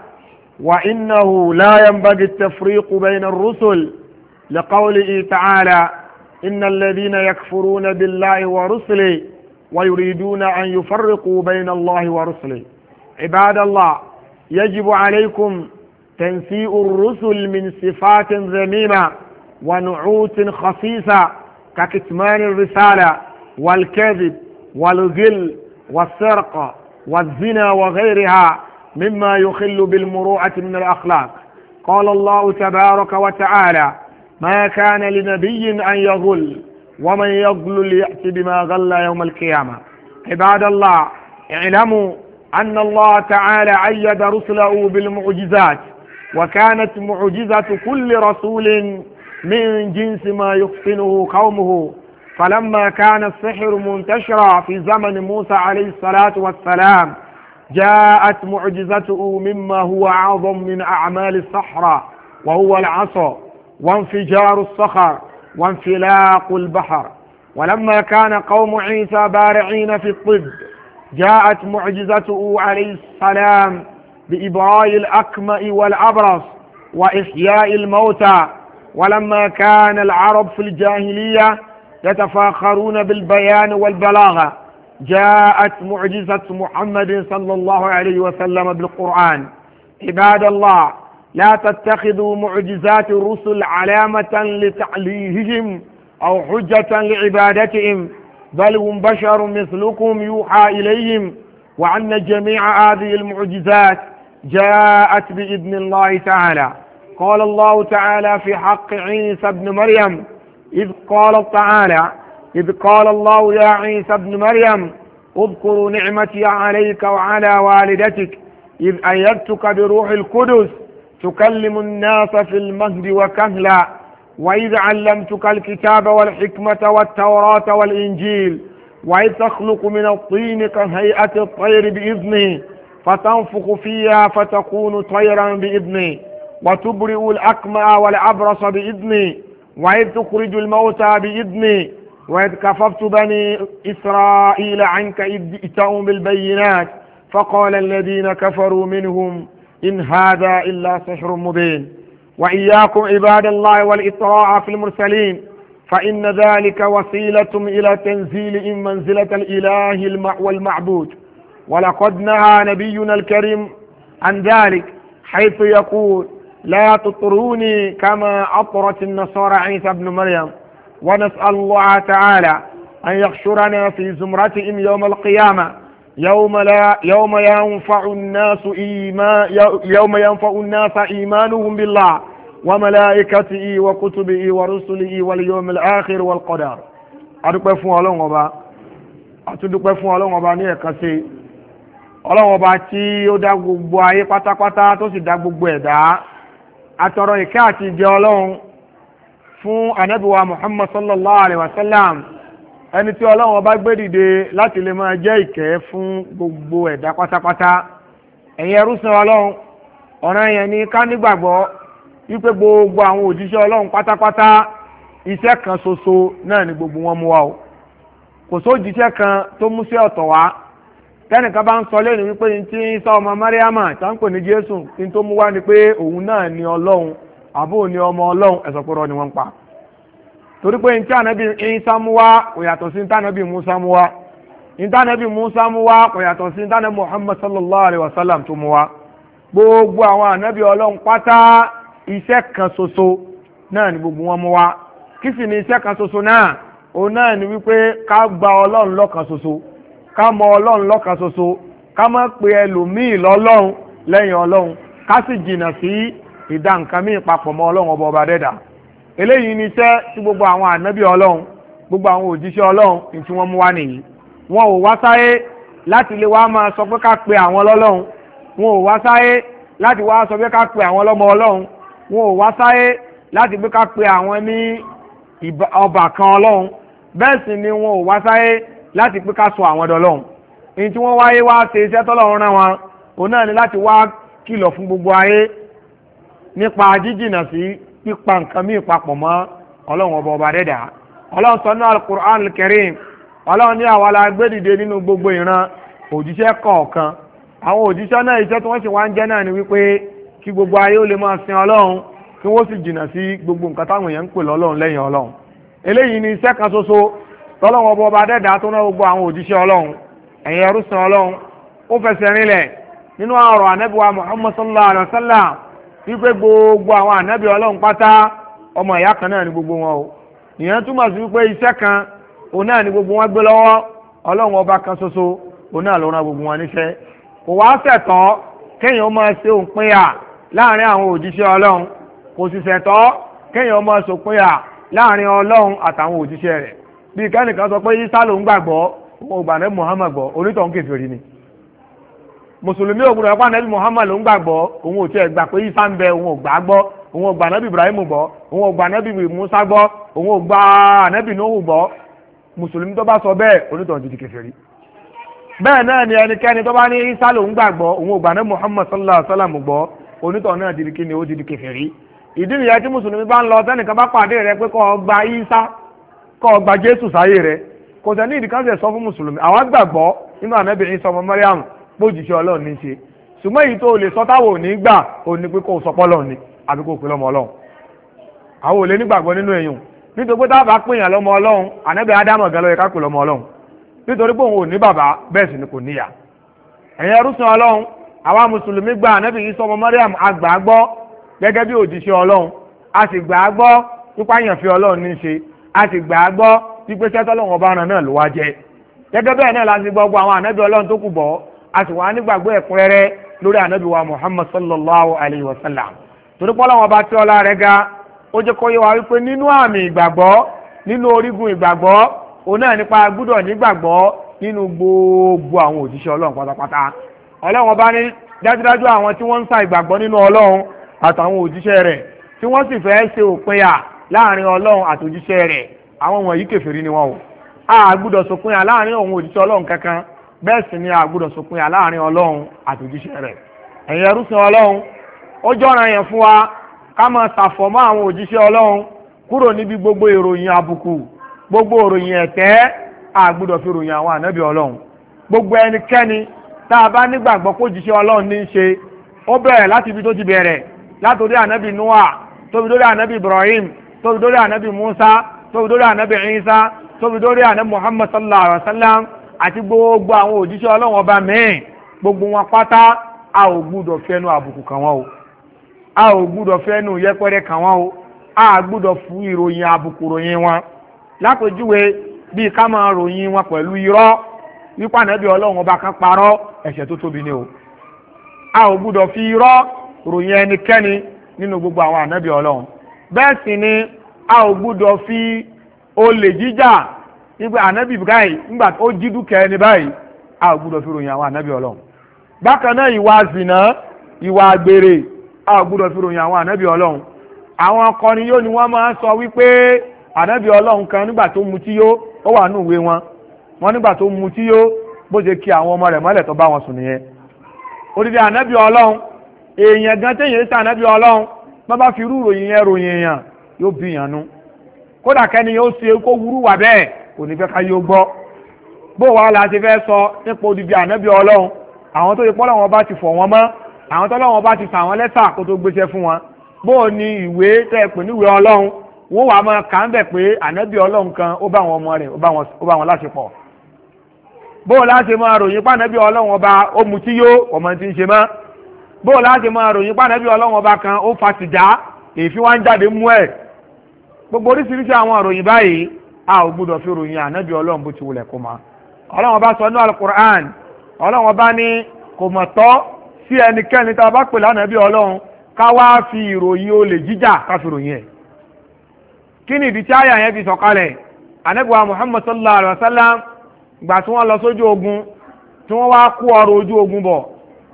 وإنه لا ينبغي التفريق بين الرسل لقوله تعالى إن الذين يكفرون بالله ورسله ويريدون أن يفرقوا بين الله ورسله عباد الله يجب عليكم تنسيء الرسل من صفات ذميمة ونعوت خصيصة ككتمان الرسالة والكذب والغل والسرقة والزنا وغيرها مما يخل بالمروءة من الأخلاق قال الله تبارك وتعالى ما كان لنبي أن يغل ومن يغل ليأتي بما غل يوم القيامة عباد الله اعلموا أن الله تعالى أيد رسله بالمعجزات وكانت معجزة كل رسول من جنس ما يحسنه قومه فلما كان السحر منتشرا في زمن موسى عليه الصلاة والسلام جاءت معجزته مما هو أعظم من أعمال الصحراء وهو العصا وانفجار الصخر وانفلاق البحر ولما كان قوم عيسى بارعين في الطب جاءت معجزته عليه السلام بإبراء الأكمأ والأبرص وإحياء الموتى ولما كان العرب في الجاهلية يتفاخرون بالبيان والبلاغة جاءت معجزة محمد صلى الله عليه وسلم بالقرآن عباد الله لا تتخذوا معجزات الرسل علامة لتعليههم أو حجة لعبادتهم بل هم بشر مثلكم يوحى إليهم وأن جميع هذه المعجزات جاءت بإذن الله تعالى قال الله تعالى في حق عيسى ابن مريم إذ قال تعالى إذ قال الله يا عيسى ابن مريم اذكروا نعمتي عليك وعلى والدتك إذ أيدتك بروح القدس تكلم الناس في المهد وكهلا وإذ علمتك الكتاب والحكمة والتوراة والإنجيل وإذ تخلق من الطين كهيئة الطير بإذنه فتنفخ فيها فتكون طيرا بإذنه وتبرئ الأقمى والأبرص بإذني وإذ تخرج الموتى بإذني وإذ كففت بني إسرائيل عنك إذ جئتهم بالبينات فقال الذين كفروا منهم إن هذا إلا سحر مبين وإياكم عباد الله والإطراع في المرسلين فإن ذلك وسيلة إلى تنزيل إن منزلة الإله والمعبود ولقد نهى نبينا الكريم عن ذلك حيث يقول لا تطروني كما أطرت النصارى عيسى بن مريم ونسأل الله تعالى أن يحشرنا في زمرتهم يوم القيامة يوم لا يوم ينفع الناس إيمان يوم ينفع الناس إيمانهم بالله وملائكته وكتبه ورسله واليوم الآخر والقدر أدوكو فون ألون أبا أتدوكو فون ألون أبا ني كسي ألون أبا تي يودا غبو أي pátápátá tó sì àtọ̀rọ̀ ìkẹ́ àti ìjẹ́ ọlọ́run fún anábìwa muhammad sallallahu alaihi wasallam sallam ẹni tí ọlọ́run ọba gbé dìde láti lè máa jẹ́ ìkẹ́ fún gbogbo ẹ̀dá pátápátá ẹ̀yin ẹrú sin ọlọ́run ọ̀ràn yẹn ni ká nígbàgbọ́ wípé gbogbo àwọn òjíṣẹ́ ọlọ́run pátápátá iṣẹ́ kan ṣoṣo náà ni gbogbo wọn mú wa o kò sójíṣẹ́ kan tó múṣẹ́ ọ̀tọ̀ wá tẹ́nìkan bá ń sọ lẹ́nu wípé ní tí Ìsá ọmọ Mariama tá ń pè ní Jésù ní tó mú wá ni pé òun náà ni Ọlọ́run àbó ni ọmọ Ọlọ́run ẹ̀sọ̀ pọ̀rọ̀ ni wọ́n pa torí pé ní tí ànábì Ìsá mú wá kò yàtọ̀ sí ní tí ànábì Musa mú wá ní tí ànábì mú wá kò yàtọ̀ sí ní tí ànábì Muhammad sallallahu alayhi wa sallam tó mú wá gbogbo àwọn ànábì Ọlọ́run pátá iṣẹ́ kan ṣoṣo náà ni gbogbo wọn mú wá kí sì ni iṣẹ́ kan ṣoṣo náà òun náà ni wípé ká gba Ọlọ́run lọ́kan ṣoṣo ká mọ ọlọ́run lọ́kan ṣoṣo ká má pe ẹlòmíì lọ́lọ́run lẹ́yìn ọlọ́run ká sì jìnnà sí ìdá nǹkan míì papọ̀ mọ́ ọlọ́run ọba ọba dẹ́dà eléyìí ni iṣẹ́ tí gbogbo àwọn ànábì ọlọ́run gbogbo àwọn òjíṣẹ́ ọlọ́run ní tí wọ́n mú wá nìyí wọn ò wá sáyé láti lè wá máa sọ pé ká pe àwọn lọ́lọ́run wọn ò wá sáyé láti wá sọ pé ká pe àwọn lọ́mọ ọlọ́run wọn ò wá sáyé láti pé ká pe àwọn ní ọbàkan ọlọ́run bẹ́ẹ̀ sì ni wọn ò wá sáyé láti pé ká sọ àwọn dọlọ́hún ní tí wọ́n wáyé wá ṣe iṣẹ́ tọ́lọ́run rán wọn òun náà ni láti wá kìlọ̀ fún gbogbo ayé nípa jíjìnà sí pípa nǹkan míì papọ̀ mọ́ ọlọ́run ọba ọba dẹ́dà ọlọ́run sọ ní alukur'an kẹrin ọlọ́run ní àwa la gbé dìde nínú gbogbo ìran òjíṣẹ́ kọ̀ọ̀kan àwọn òjíṣẹ́ náà iṣẹ́ tí wọ́n ṣe wá ń jẹ́ náà ni wípé kí gbogbo ayé ó lè máa sin ọlọ́run kí wọ́n sì jìnà sí gbogbo nǹkan táwọn èèyàn ń pè lọ́lọ́run lẹ́yìn ọlọ́run eléyìí ni iṣẹ́ kan ṣoṣo tọ́lọ́wọ́n bọ́ ọba dẹ́dàá tó náà gbogbo àwọn òjíṣẹ́ ọlọ́run ẹ̀yin ẹrúsìn ọlọ́run ó fẹsẹ̀ rinlẹ̀ nínú ọ̀rọ̀ anábìwa sallallahu alayhi wa sallam wípé gbogbo àwọn anábì ọlọ́run pátá ọmọ ìyá kan náà ni gbogbo wọn o ìyẹn túmọ̀ sí kan òun náà ni gbogbo wọn ọba kan ṣoṣo náà ló gbogbo wọn níṣẹ́ bí kẹ́nìkan sọ pé isa ló ń gbàgbọ́ òun Muhammad gbọ́ onítọ̀ ń kèfèrí ni mùsùlùmí ògùn rẹ̀ pa Muhammad ló ń gbàgbọ́ òun ò tiẹ̀ gbà pé isa ń bẹ òun ò gbà gbọ́ òun ò gbà nẹ́bí Ibrahim gbọ́ òun ò gbà nẹ́bí Musa gbọ́ òun ò gbà nẹ́bí Nuhu gbọ́ mùsùlùmí tó bá sọ bẹ́ẹ̀ onítọ̀ ti di kèfèrí bẹ́ẹ̀ náà ni ẹnikẹ́ni tó bá ní isa ló ń gbàgbọ́ òun Muhammad sallallahu alaihi wa sallam gbọ́ onítọ̀ náà ti di kíni ó ti di kèfèrí ìdí nìyẹn tí mùsùlùmí bá ń kọ́ ọgbà jésù sáyé rẹ kò sẹ́ni ìdíkàṣẹ̀ sọ fún mùsùlùmí àwọn gbàgbọ́ nínú ànábìrin sọmọ mọ́ríàmù pójìṣẹ́ ọlọ́run ní ṣe ṣùgbọ́n èyí tó lè sọ táwọn ò ní gbà ò ní pé kó sọ pọ́lọ́ ni àbí kó pè lọ́mọ ọlọ́run àwọn ò lè nígbàgbọ́ nínú èyàn nítorí pé táwọn bá pè yàn lọ́mọ ọlọ́run ànábì ádámọ̀ gan ló yẹ ká pè lọ́mọ ọlọ́run nítorí pé òun ò ní bàbá bẹ́ẹ̀ sì ni kò níyà ẹ̀yin ẹrúsìn ọlọ́run àwa mùsùlùmí gba ànábì Ìsá ọmọ Mọ́ríàmù àgbà gẹ́gẹ́ bí òjíṣẹ́ ọlọ́run a sì gbà nípa yàn fi ọlọ́run ní ṣe a sì gbà á gbọ́ wípé sẹ́tọ́ lọ́wọ́ ọba ọ̀ràn náà ló wá jẹ gẹ́gẹ́ bẹ́ẹ̀ náà láti gbọ́ gbọ́ àwọn ànábì ọlọ́run tó kù bọ̀ a sì wá nígbàgbọ́ ẹ̀kúnrẹ́rẹ́ lórí ànábì wa muhammad sallallahu alayhi wa sallam torí pé ọlọ́run ọba tí ọlá rẹ̀ ga ó jẹ́ kó yé wa wípé nínú àmì ìgbàgbọ́ nínú orígun ìgbàgbọ́ òun náà nípa gbúdọ̀ nígbàgbọ́ nínú gbogbo àwọn òjíṣẹ́ ọlọ́run pátápátá ọlọ́run ọba ní dájúdájú àwọn tí wọ́n ń sa ìgbàgbọ́ nínú ọlọ́run àtàwọn òjíṣẹ́ rẹ̀ tí wọ́n sì fẹ́ ṣe òpinya láàrin ọlọ́run àtòjíṣẹ́ rẹ̀ àwọn wọ̀nyí kèfèrí ni wọ́n o a gbúdọ̀ sọpin aláàrin òun òjíṣẹ́ ọlọ́run kankan bẹ́ẹ̀ sì ni a gbúdọ̀ sọpin aláàrin ọlọ́run àtòjíṣẹ́ rẹ̀ ẹ̀yin ẹrúsìn ọlọ́run ó jọ́ra yẹn fún wa ká máa ṣàfọ̀mọ́ àwọn òjíṣẹ́ ọlọ́run kúrò níbi gbogbo ìròyìn àbùkù gbogbo ìròyìn ẹ̀tẹ́ a gbúdọ̀ fi ròyìn àwọn ànábì ọlọ́run gbogbo ẹnikẹ́ni tá a bá nígbàgbọ́ pé òjíṣẹ́ ọlọ́run ní í ṣe ó bẹ̀rẹ̀ láti ibi tó ti bẹ̀rẹ̀ látòrí ànábì Noah tóbi lórí ànábì Ibrahim tó fi dórí ànábì Musa tó fi dórí ànábì Isa tó fi dórí ànábì Muhammad sallallahu alayhi wa sallam àti gbogbo àwọn òjíṣẹ́ Ọlọ́run ọba mẹ́rin gbogbo wọn pátá a ò gbúdọ̀ fẹ́nu àbùkù kàn wọ́n o a ò gbúdọ̀ fẹ́nu yẹpẹrẹ kàn wọ́n o a gbúdọ̀ fún ìròyìn àbùkù ròyìn wọn lápèjúwe bíi ká máa ròyìn wọn pẹ̀lú irọ́ wípé ànábì Ọlọ́run ọba kan parọ́ ẹ̀ṣẹ̀ tó tóbi ni o a ò gbúdọ̀ fi irọ́ ròyìn ẹnikẹ́ni nínú gbogbo àwọn ànábì Ọlọ́run bẹ́ẹ̀ sì ni a ò gbúdọ̀ fi olè jíjà ìgbà ànábì báyìí ńgbà ó jí dúkìá ẹni báyìí a ò gbúdọ̀ fi ròyìn àwọn ànábì ọlọ́run bákan náà ìwà zìnà ìwà àgbèrè a ò gbúdọ̀ fi ròyìn àwọn ànábì ọlọ́run àwọn akọni yóò ni wọ́n máa ń sọ wípé ànábì ọlọ́run kan nígbà tó mutí yó ó wà nínú ìwé wọn wọn nígbà tó mutí yó bó ṣe kí àwọn ọmọ rẹ̀ mọ́lẹ̀ tó bá wọn sùn nìyẹn odidi ànábì ọlọ́run èèyàn gan téèyàn ń sànábì ọlọ́run bàbá fi irú ròyìn yẹn ròyìn èèyàn yóò bí yàn nu kódà kẹ́ni yóò ṣe kó wúrú wà bẹ́ẹ̀ kò ní fẹ́ ká yóò gbọ́ bó wàá la ti fẹ́ sọ nípa odidi ànábì ọlọ́run àwọn tó ti pọ́ lọ́wọ́ bá ti fọ̀ wọ́n mọ́ àwọn tó lọ́wọ́ bá ti fà wọ́n lẹ́tà kó tó gbéṣẹ́ fún wọn bó ni ìwé tẹ́ ẹ pè níwèé ọlọ́run wọ́n wàá máa kà ń bẹ̀ pé ànábì ọlọ́run kan ó bá wọn ọmọ rẹ̀ ó bá wọn láṣepọ̀ bó láti máa ròyìn pànábì ọlọ́run ọba ó mutí yó ọmọ tí ń ṣe mọ́ bóòlù láti máa ròyìn pàdé ọba kan ó fàtìjà èéfín wá ń jáde mú ẹ̀ gbogbo oríṣiríṣi àwọn a ò gbúdọ̀ fi ròyìn ànábì ọlọ́run bó ti wulẹ̀ kó ma ọlọ́run sọ ní alukur'an ní kò mọ̀ tọ́ sí ẹnikẹ́ni tá a bá fi ìròyìn olè jíjà ká fi ròyìn ẹ̀ kí ni ìdí tí àyà yẹn fi sọ̀kalẹ̀ ànábì wa wa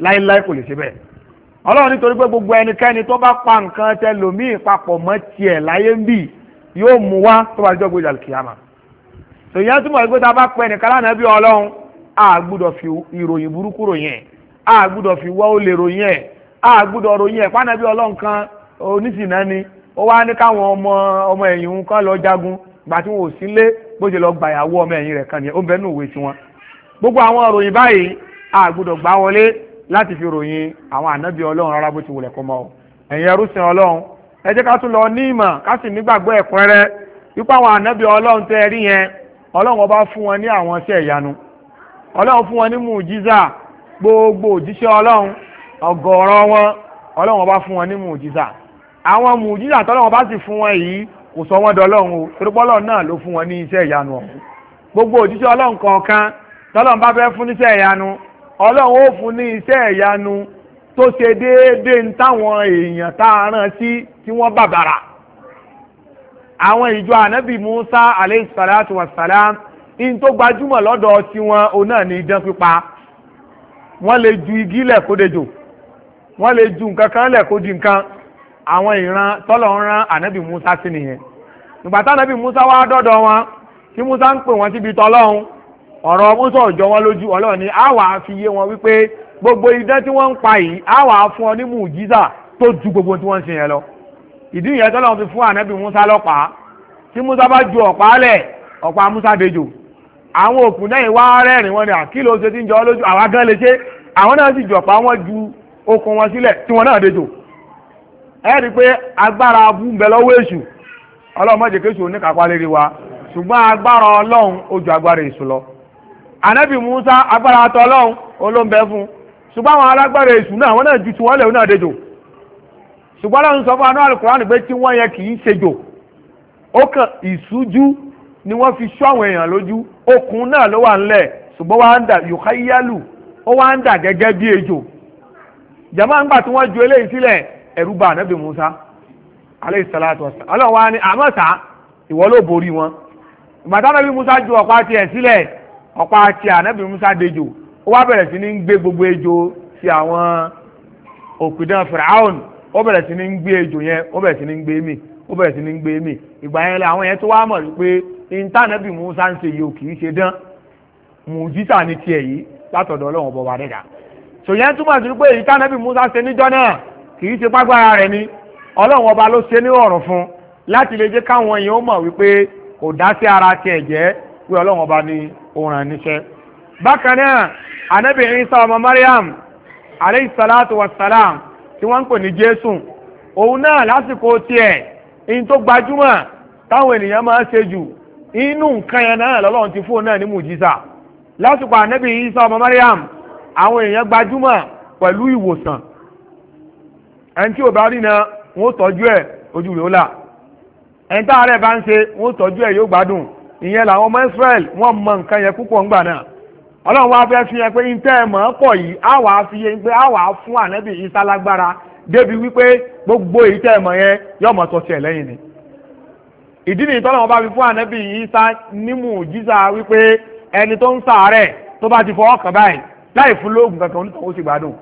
láíláí kò lè ṣe bẹ́ẹ̀ ọlọ́run nítorí pé gbogbo ẹnikẹ́ni tó bá pa nǹkan tẹlòmíì papọ̀ mọ́ tiẹ̀ láyé ń bì yóò mú wá tó bá jọ gbé ìjà kìyàmà tòyẹ́ túmọ̀ pé tá a bá pẹ́ nìkan lánàá bí ọlọ́run a gbúdọ̀ fi ìròyìn burúkú ròyìn ẹ̀ a gbúdọ̀ fi wọ́ ó lè ròyìn ẹ̀ a gbúdọ̀ ròyìn ẹ̀ pánàbí ọlọ́run kan onísìnà ni ó wá ní káwọn ọmọ ọmọ ẹ̀yìn kan lọ jagun gbà tí wọn ò sílé bó ṣe lọ gbàyàwó ọmọ ẹ̀yìn rẹ̀ kan nìyẹn ó ń bẹ́ẹ̀ nù òwe tiwọn gbogbo àwọn òròyìn báyìí a gbúdọ̀ gbá wọlé láti fi ròyìn àwọn ànábì ọlọ́run rárá bó ti wulẹ̀ kọ́ mọ́ ọ ẹ̀yin ẹrúsìn ọlọ́run ẹ jẹ́ ká tún lọ ní ìmọ̀ ká sì nígbàgbọ́ ẹ̀kúnrẹ́rẹ́ wípé àwọn ànábì ọlọ́run tẹ́ ẹ rí yẹn ọlọ́run ọba fún wọn ní àwọn iṣẹ́ ìyanu ọlọ́run fún wọn ní mùjíza gbogbo òjíṣẹ́ ọlọ́run ọ̀gọ̀ọ̀rọ̀ wọn ọlọ́run ọba fún wọn ní mùjíza àwọn mùjíza tọ́lọ́run ọba sì fún o torípọ́lọ́ náà ló fún wọn ọlọ́run ó fún ní iṣẹ́ ìyanu tó ṣe déédéé ń táwọn èèyàn tá a rán sí tí wọ́n bàbàrà àwọn ìjọ ànábì Musa alayhi salatu wa salam in tó gbajúmọ̀ lọ́dọ̀ tiwọn òun náà ní idán pípa wọ́n lè ju igi lẹ̀ dejò wọ́n lè ju nǹkan kan lẹ̀ di nǹkan àwọn ìran tọ́lọ̀ ń rán ànábì Musa sí nìyẹn ìgbà tá ànábì Musa wá dọ́dọ̀ wọn tí Musa ń pè wọ́n síbi tọ́lọ́hún ọ̀rọ̀ musa ọ̀jọ́ wọn lójú ọlọ́run ni a wàá fi yé wọn wípé gbogbo idán tí wọ́n ń pa yìí a wàá fún ọ ní mùjíza tó ju gbogbo tí wọ́n ń ṣe yẹn lọ ìdí ìyẹn tọ́lọ́run fi fún ànábì musa lọ́pàá tí musa bá ju ọ̀pá lẹ̀ ọ̀pá musa dejò àwọn òkú náà wá rẹ́rìn wọn ni àkìlọ̀ ṣe ti ń jọ ọ lójú àwa gan lè ṣe àwọn náà sì ju ọ̀pá wọn ju okùn wọn sílẹ̀ tí wọn náà dejò ẹ rí i pé agbára abú lọ́wọ́ èṣù ọlọ́run má jẹ́ kéṣù oníkàpá wa ṣùgbọ́n agbára ọlọ́run ó agbára èṣù lọ anabi musa agbára tọlọ́hún olóńbẹ fún ṣùgbọ́n àwọn alágbára èṣù náà náà ju tiwọn lẹ̀ náà dejò ṣùgbọ́n lọ́run sọ fún anú alukuraani pé tí wọ́n yẹ kì í ni wọ́n fi ṣọ́ àwọn èèyàn lójú okùn náà ló wà ńlẹ̀ ṣùgbọ́n wàá ń dà yòkáyálù ó wàá ń dà gẹ́gẹ́ bí ejò jama ń gbà tí wọ́n ju eléyìí sílẹ̀ ẹ̀rú anabi musa aleyhi salatu wa ọ̀pá àti ànábì musa dejò ó wá bẹ̀rẹ̀ sí ní gbé gbogbo ejò ti àwọn òpìdán fìràhùn ó bẹ̀rẹ̀ sí ní gbé ejò yẹn ó bẹ̀rẹ̀ sí ní gbé mì ó bẹ̀rẹ̀ sí ní gbé mì ìgbà yẹn lẹ àwọn yẹn tó wá mọ̀ pé ìntànẹ́bì musa ń ṣe yìí ò kì í ṣe dán mùjísà ni tiẹ̀ yìí látọ̀dọ̀ ọlọ́run ọba wa dẹ́dà sòyẹn túmọ̀ sí pé ìntànẹ́bì musa ṣe níjọ́ náà kì í ṣe págbára rẹ̀ ni ọlọ́run ọba ló ṣe ní ọ̀rọ̀ fún láti lè jẹ́ káwọn èèyàn mọ̀ wípé kò dá ni òun níṣẹ́. bákan náà anabi isa ọmọ mariam aleyhi salatu wa salam tí wọ́n ń pè ní jésù òun náà lásìkò tiẹ̀ in tó gbajúmọ̀ táwọn ènìyàn máa ń ṣe jù inú nǹkan yẹn náà lọ́lọ́run ti fóun náà ní mùjísà lásìkò anabi isa ọmọ mariam àwọn èèyàn gbajúmọ̀ pẹ̀lú ìwòsàn ẹni tí ò rí na wọn tọ́jú ẹ̀ ojú rẹ̀ ó là ẹni tá àárẹ̀ bá ń ṣe wọn tọ́jú ẹ̀ yóò gbádùn ìyẹn làwọn ọmọ Israel wọ́n mọ nǹkan yẹn púpọ̀ ńgbà náà ọlọ́run wá fẹ́ fi hàn pé ntẹ́ ẹ̀ mọ̀ ọ́ pọ̀ yìí á wàá fi yẹn pé á wàá fún ànábì Ìsá lágbára débi wípé gbogbo èyí tẹ́ ẹ̀ mọ̀ yẹn yọ̀ mọ̀ tọ́sí lẹ́yìn ni ìdí nìyí tọ́lọ́wọ́n bá fi fún ànábì Ìsá nímú jísà wípé ẹni tó ń sàárẹ̀ tó bá ti fọwọ́ kàn báyìí láì fún lóògùn kankan onítọ̀hún sì gbádùn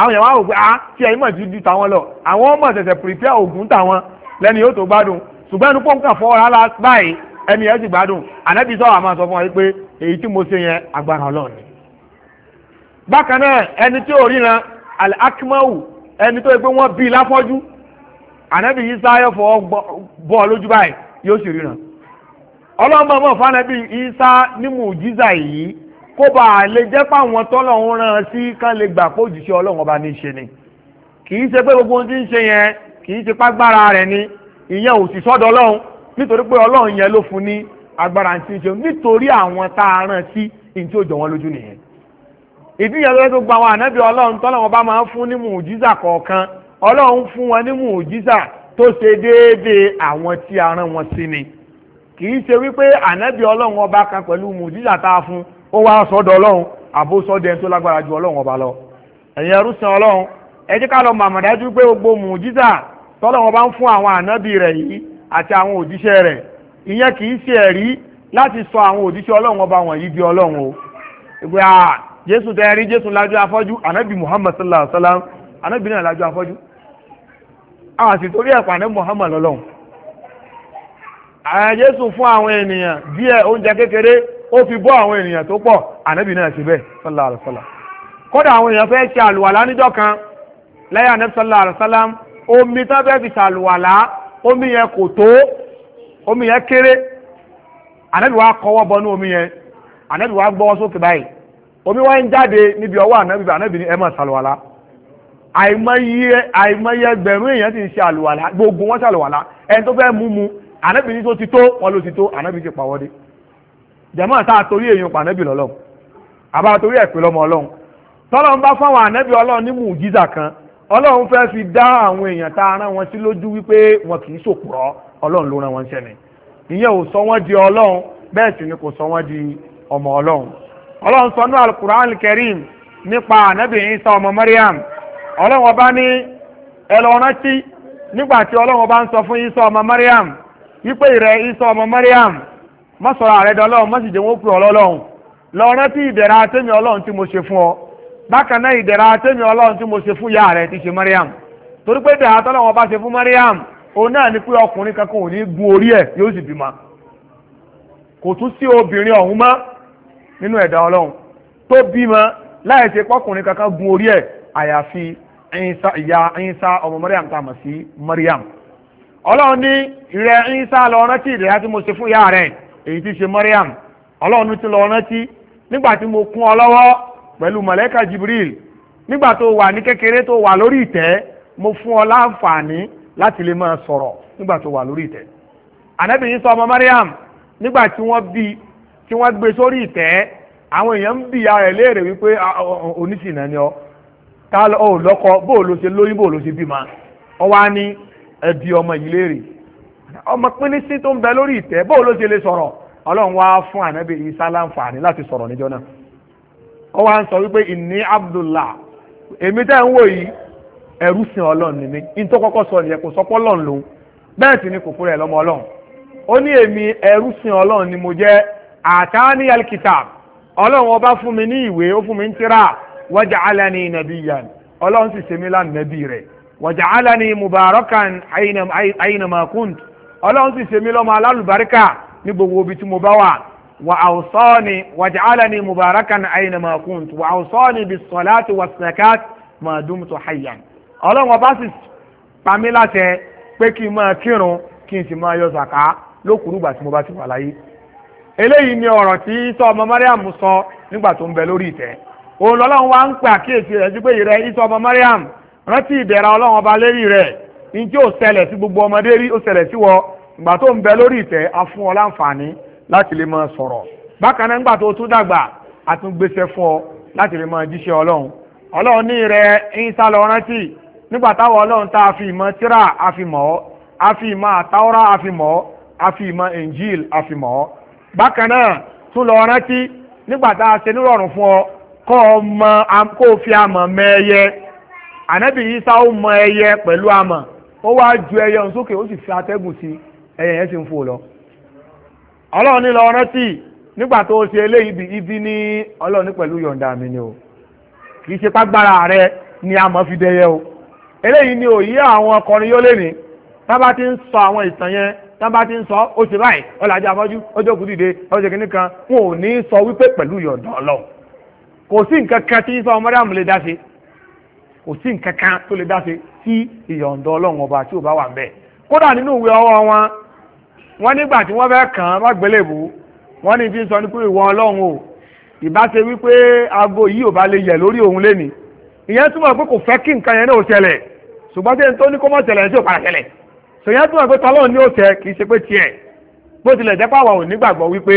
àwọn èèyàn wá wò pé ah tí ẹ̀yin mọ̀ ti di tàwọn lọ àwọn ọmọ ṣẹ̀ṣẹ̀ pìrìpẹ́ òògùn tàwọn lẹ́ni yóò tó gbádùn ṣùgbọ́n ẹnu pọ́ńkà fọwọ́ rárá báyìí ẹni ẹ sì gbádùn ànábì sọ àmọ́ sọ fún wa pé èyí tí mo ṣe yẹn agbára ọlọ́ọ̀ni. bákan náà ẹni tí ò ríran al-akmawu ẹni tó yẹ pé wọ́n bí láfọ́jú ànábì yìí sáyẹ fọ bọ́ lójú báyìí yóò sì ríran. ọlọ́mọ mọ̀ fànàbì Ìsá ní mùjíza yìí kó bá a lè jẹ́ fáwọn tọ́lọ́run rán sí kán lè gbà pé òjìṣẹ́ ọlọ́run ọba ní í ṣe ni kì í ṣe pé gbogbo ohun tí ń ṣe yẹn kì í ṣe pàgbára rẹ̀ ni ìyẹn ò sì sọ́dọ̀ ọlọ́run nítorí pé ọlọ́run yẹn ló fún ní agbára tí ń ṣe nítorí àwọn tá a rán sí ní tí ó jọ wọn lójú nìyẹn ìdí yẹn lọ́dọ̀ tó gba àwọn ànábì ọlọ́run tọ́lọ́wọ́n bá máa ń fún ní mùjísà kọ̀ọ̀kan ọlọ́run fún wọn ní mùjísà tó ṣe déédéé àwọn tí a rán wọn sí ni kì í ṣe wípé ànábì ọlọ́run ọba kan pẹ̀lú mùjísà tá a fún ó wá sọ́dọ̀ ọlọ́run àbó sọ́dọ̀ ẹni tó lágbára ju ọlọ́run ọba lọ ẹ̀yin ẹrúsìn ọlọ́run ẹ jẹ́ ká àti àwọn òjíṣẹ́ rẹ̀ ìyẹn kì í ṣe ẹ̀rí láti sọ àwọn òjíṣẹ́ ọlọ́run ọba wọ̀nyí di ọlọ́run o ìgbé à jésù tẹ́ rí jésù lájú afọ́jú ànábì muhammad sallallahu alayhi wa sallam ànábì náà lájú afọ́jú àwọn àti torí ẹ̀pà ní muhammad lọ́lọ́run àwọn jésù fún àwọn ènìyàn díẹ̀ oúnjẹ kékeré ó fi bọ́ àwọn ènìyàn tó pọ̀ ànábì náà ṣe bẹ́ẹ̀ sallallahu alayhi wa sallam kódà àwọn èèyàn fẹ́ ṣe àlùwàlá níjọ́ sallallahu alayhi wa sallam omi tán omi yẹn kò tó omi yẹn kéré ànábì wa kọwọ́ bọnú omi yẹn ànábì wa gbọ́wọ́ sókè báyìí omi wa ń jáde níbi ọwọ́ ànábì ànábì ni ẹ máa ṣàlùwàlá àìmọye àìmọye ẹgbẹ̀rún èèyàn ti ń ṣe àlùwàlá gbogbo wọn ṣàlùwàlá ẹni tó fẹ́ mú mu ànábì ní tó ti tó wọn ló ti tó ànábì ti pàwọ́ dé jẹ̀mọ́ tá a torí èèyàn pa ànábì lọ́lọ́run àbá torí ẹ̀ pé lọ́mọ ọlọ́run tọ́lọ́run ọlọ́run fẹ́ fi dá àwọn èèyàn tá a rán wọn sí lójú wípé wọn kì í ọlọ́run ló rán wọn ìyẹn di ọlọ́run bẹ́ẹ̀ sì di ọmọ ọlọ́run ọlọ́run sọ ní alukur'an kẹrim nípa isa ọmọ mariam ọlọ́run ọba ní nígbà tí ọlọ́run isa ọmọ mariam wípé isa ọmọ mariam ọlọ́run bákan náà ìdẹ̀ra tẹ́mi ọlọ́run tí mo ṣe fún ti ṣe mariam torí pé ìdẹ̀ra ṣe fún mariam òun náà ni pé ọkùnrin kankan ò ní gun orí ẹ̀ yóò sì bímọ kò tún sí obìnrin ọ̀hún mọ́ nínú ẹ̀dá ọlọ́run tó bímọ láì ṣe pọ́kùnrin kankan gun orí ẹ̀ àyàfi ìyá ìyá ọmọ mariam tá mariam ọlọ́run ní ìrẹ́ ìyá ìdẹ̀ra tí mo mariam ọlọ́run ti nígbà tí mo kún pẹ̀lú mọ̀lẹ́kà Jibril nígbà tó wà ní kékeré tó wà lórí ìtẹ́ mo fún ọ láǹfààní láti lè máa sọ̀rọ̀ nígbà tó wà lórí ìtẹ́ ànábì Ìsá ọmọ Mariam nígbà tí wọ́n gbé sórí ìtẹ́ àwọn èèyàn ń bi ìyá rẹ̀ léèrè wípé oníṣìnà ni ọ ta ọ lọ́kọ bó ló ṣe lóyún bó ló ṣe bímọ ọ wá ní ẹbí ọmọ yìí léèrè ọmọ pínísí tó ń bẹ lórí ìtẹ́ bó ló ṣe lè sọ̀rọ̀ ọlọ́run wá fún ànábì Ìsá láǹfààní láti sọ̀rọ̀ níjọ́ náà ó wá ń sọ wípé ìní abdullah èmi tẹ́ ń wò yìí ẹrú sin ọlọ́run ni mí ní tó kọ́kọ́ sọ nìyẹn kò sọ pé ọlọ́run lòun bẹ́ẹ̀ sì ni kò fúnra ẹ̀ lọ́mọ ọlọ́run ó ní èmi ẹrú sin ọlọ́run ni mo jẹ́ àtàní alkitab ọlọ́run ọba fún mi ní ìwé ó fún mi ń tírà waja'alani nabiyyan ọlọ́run sì ṣe mí lánàbí rẹ̀ waja'alani mubarakan aynama ọlọ́run sì ṣe mí lọ́mọ alálùbáríkà ní gbogbo ibi tí mo bá wà وأوصاني واجعلني مباركا أينما كنت وأوصاني بالصلاة والزكاة ما دمت حيا ọlọ́run ọba sì pa mí láṣẹ pé kí n máa kírun kí n eléyìí ni ọ̀rọ̀ tí ọmọ mariam sọ nígbà tó ń bẹ lórí ìtẹ́ òun lọ́lọ́run wá ń pè àkíyèsí rẹ̀ mariam rántí ọlọ́run ọba lérí rẹ̀ ní tí ó ṣẹlẹ̀ sí gbogbo ọmọdé rí ó ṣẹlẹ̀ sí láti lè máa sọ̀rọ̀ bákan náà ńgbà tó tún dàgbà àtúngbèsè fún ọ láti lè máa jíṣẹ́ ọlọ́run ọlọ́run ní rẹ ìyínsá lọ rántí nígbà táwọn ọlọ́run tá a fi ìmọ̀ tíra a ọ́ a fi ìmọ̀ àtàwọ́rá a ọ́ a fi ìmọ̀ Injil a fi mọ̀ ọ́ bákan náà tún lọ rántí nígbà tá a ṣe nírọ̀rùn fún ọ kọ́ ọ mọ kó o fi amọ̀ mọ ẹyẹ ànábì ìyínsá ó mọ ẹyẹ pẹ̀lú amọ̀ ó wá ju ẹyẹ ọ̀hún sókè ó sì fi atẹ́gùn sí ẹyẹ yẹn sì ń fò lọ ọlọ́run ní lọ rántí nígbà tó ṣe eléyìí ibi ní ọlọ́run ní pẹ̀lú yọ̀ǹda mi ni o kì í ṣe pàgbára rẹ ni a mọ̀ fi dẹyẹ o eléyìí ni òye àwọn ọkọrin yóò lè ní tábà ti ń sọ àwọn ìtàn yẹn tábà ti ń sọ ó ṣe báyìí ọlàjà afọ́jú ọjọ́ kù dìde ọjọ́ kìíní kan wọn ò ní sọ wípé pẹ̀lú yọ̀ǹda ọlọ́run kò sí nǹkan kan tí ifá ọmọdé àmì lè dá sí kò sí nǹkan kan tó lè dá sí tí ìyọ̀ǹda ọlọ́run ọba tí ò bá wà ń bẹ̀ kódà nínú ìwé ọwọ́ wọn wọ́n nígbà tí wọ́n fẹ́ kàn án mọ́gbélébù wọ́n ní fi sọ ní pé ìwọ ọlọ́run o ìbá ṣe wípé aago yìí ò bá lè yẹ lórí òun lénìí ìyẹn túmọ̀ pé kò fẹ́ kí nǹkan yẹn náà ṣẹlẹ̀ ṣùgbọ́n tí n tó ní kó mọ̀ ṣẹlẹ̀ sí òpàdà ṣẹlẹ̀ ṣèyẹn túmọ̀ pé tọ́lọ́run ní òṣẹ kì í ṣe pé tiẹ̀ bó tilẹ̀ jẹ́ pàwọ̀ ò nígbàgbọ́ wípé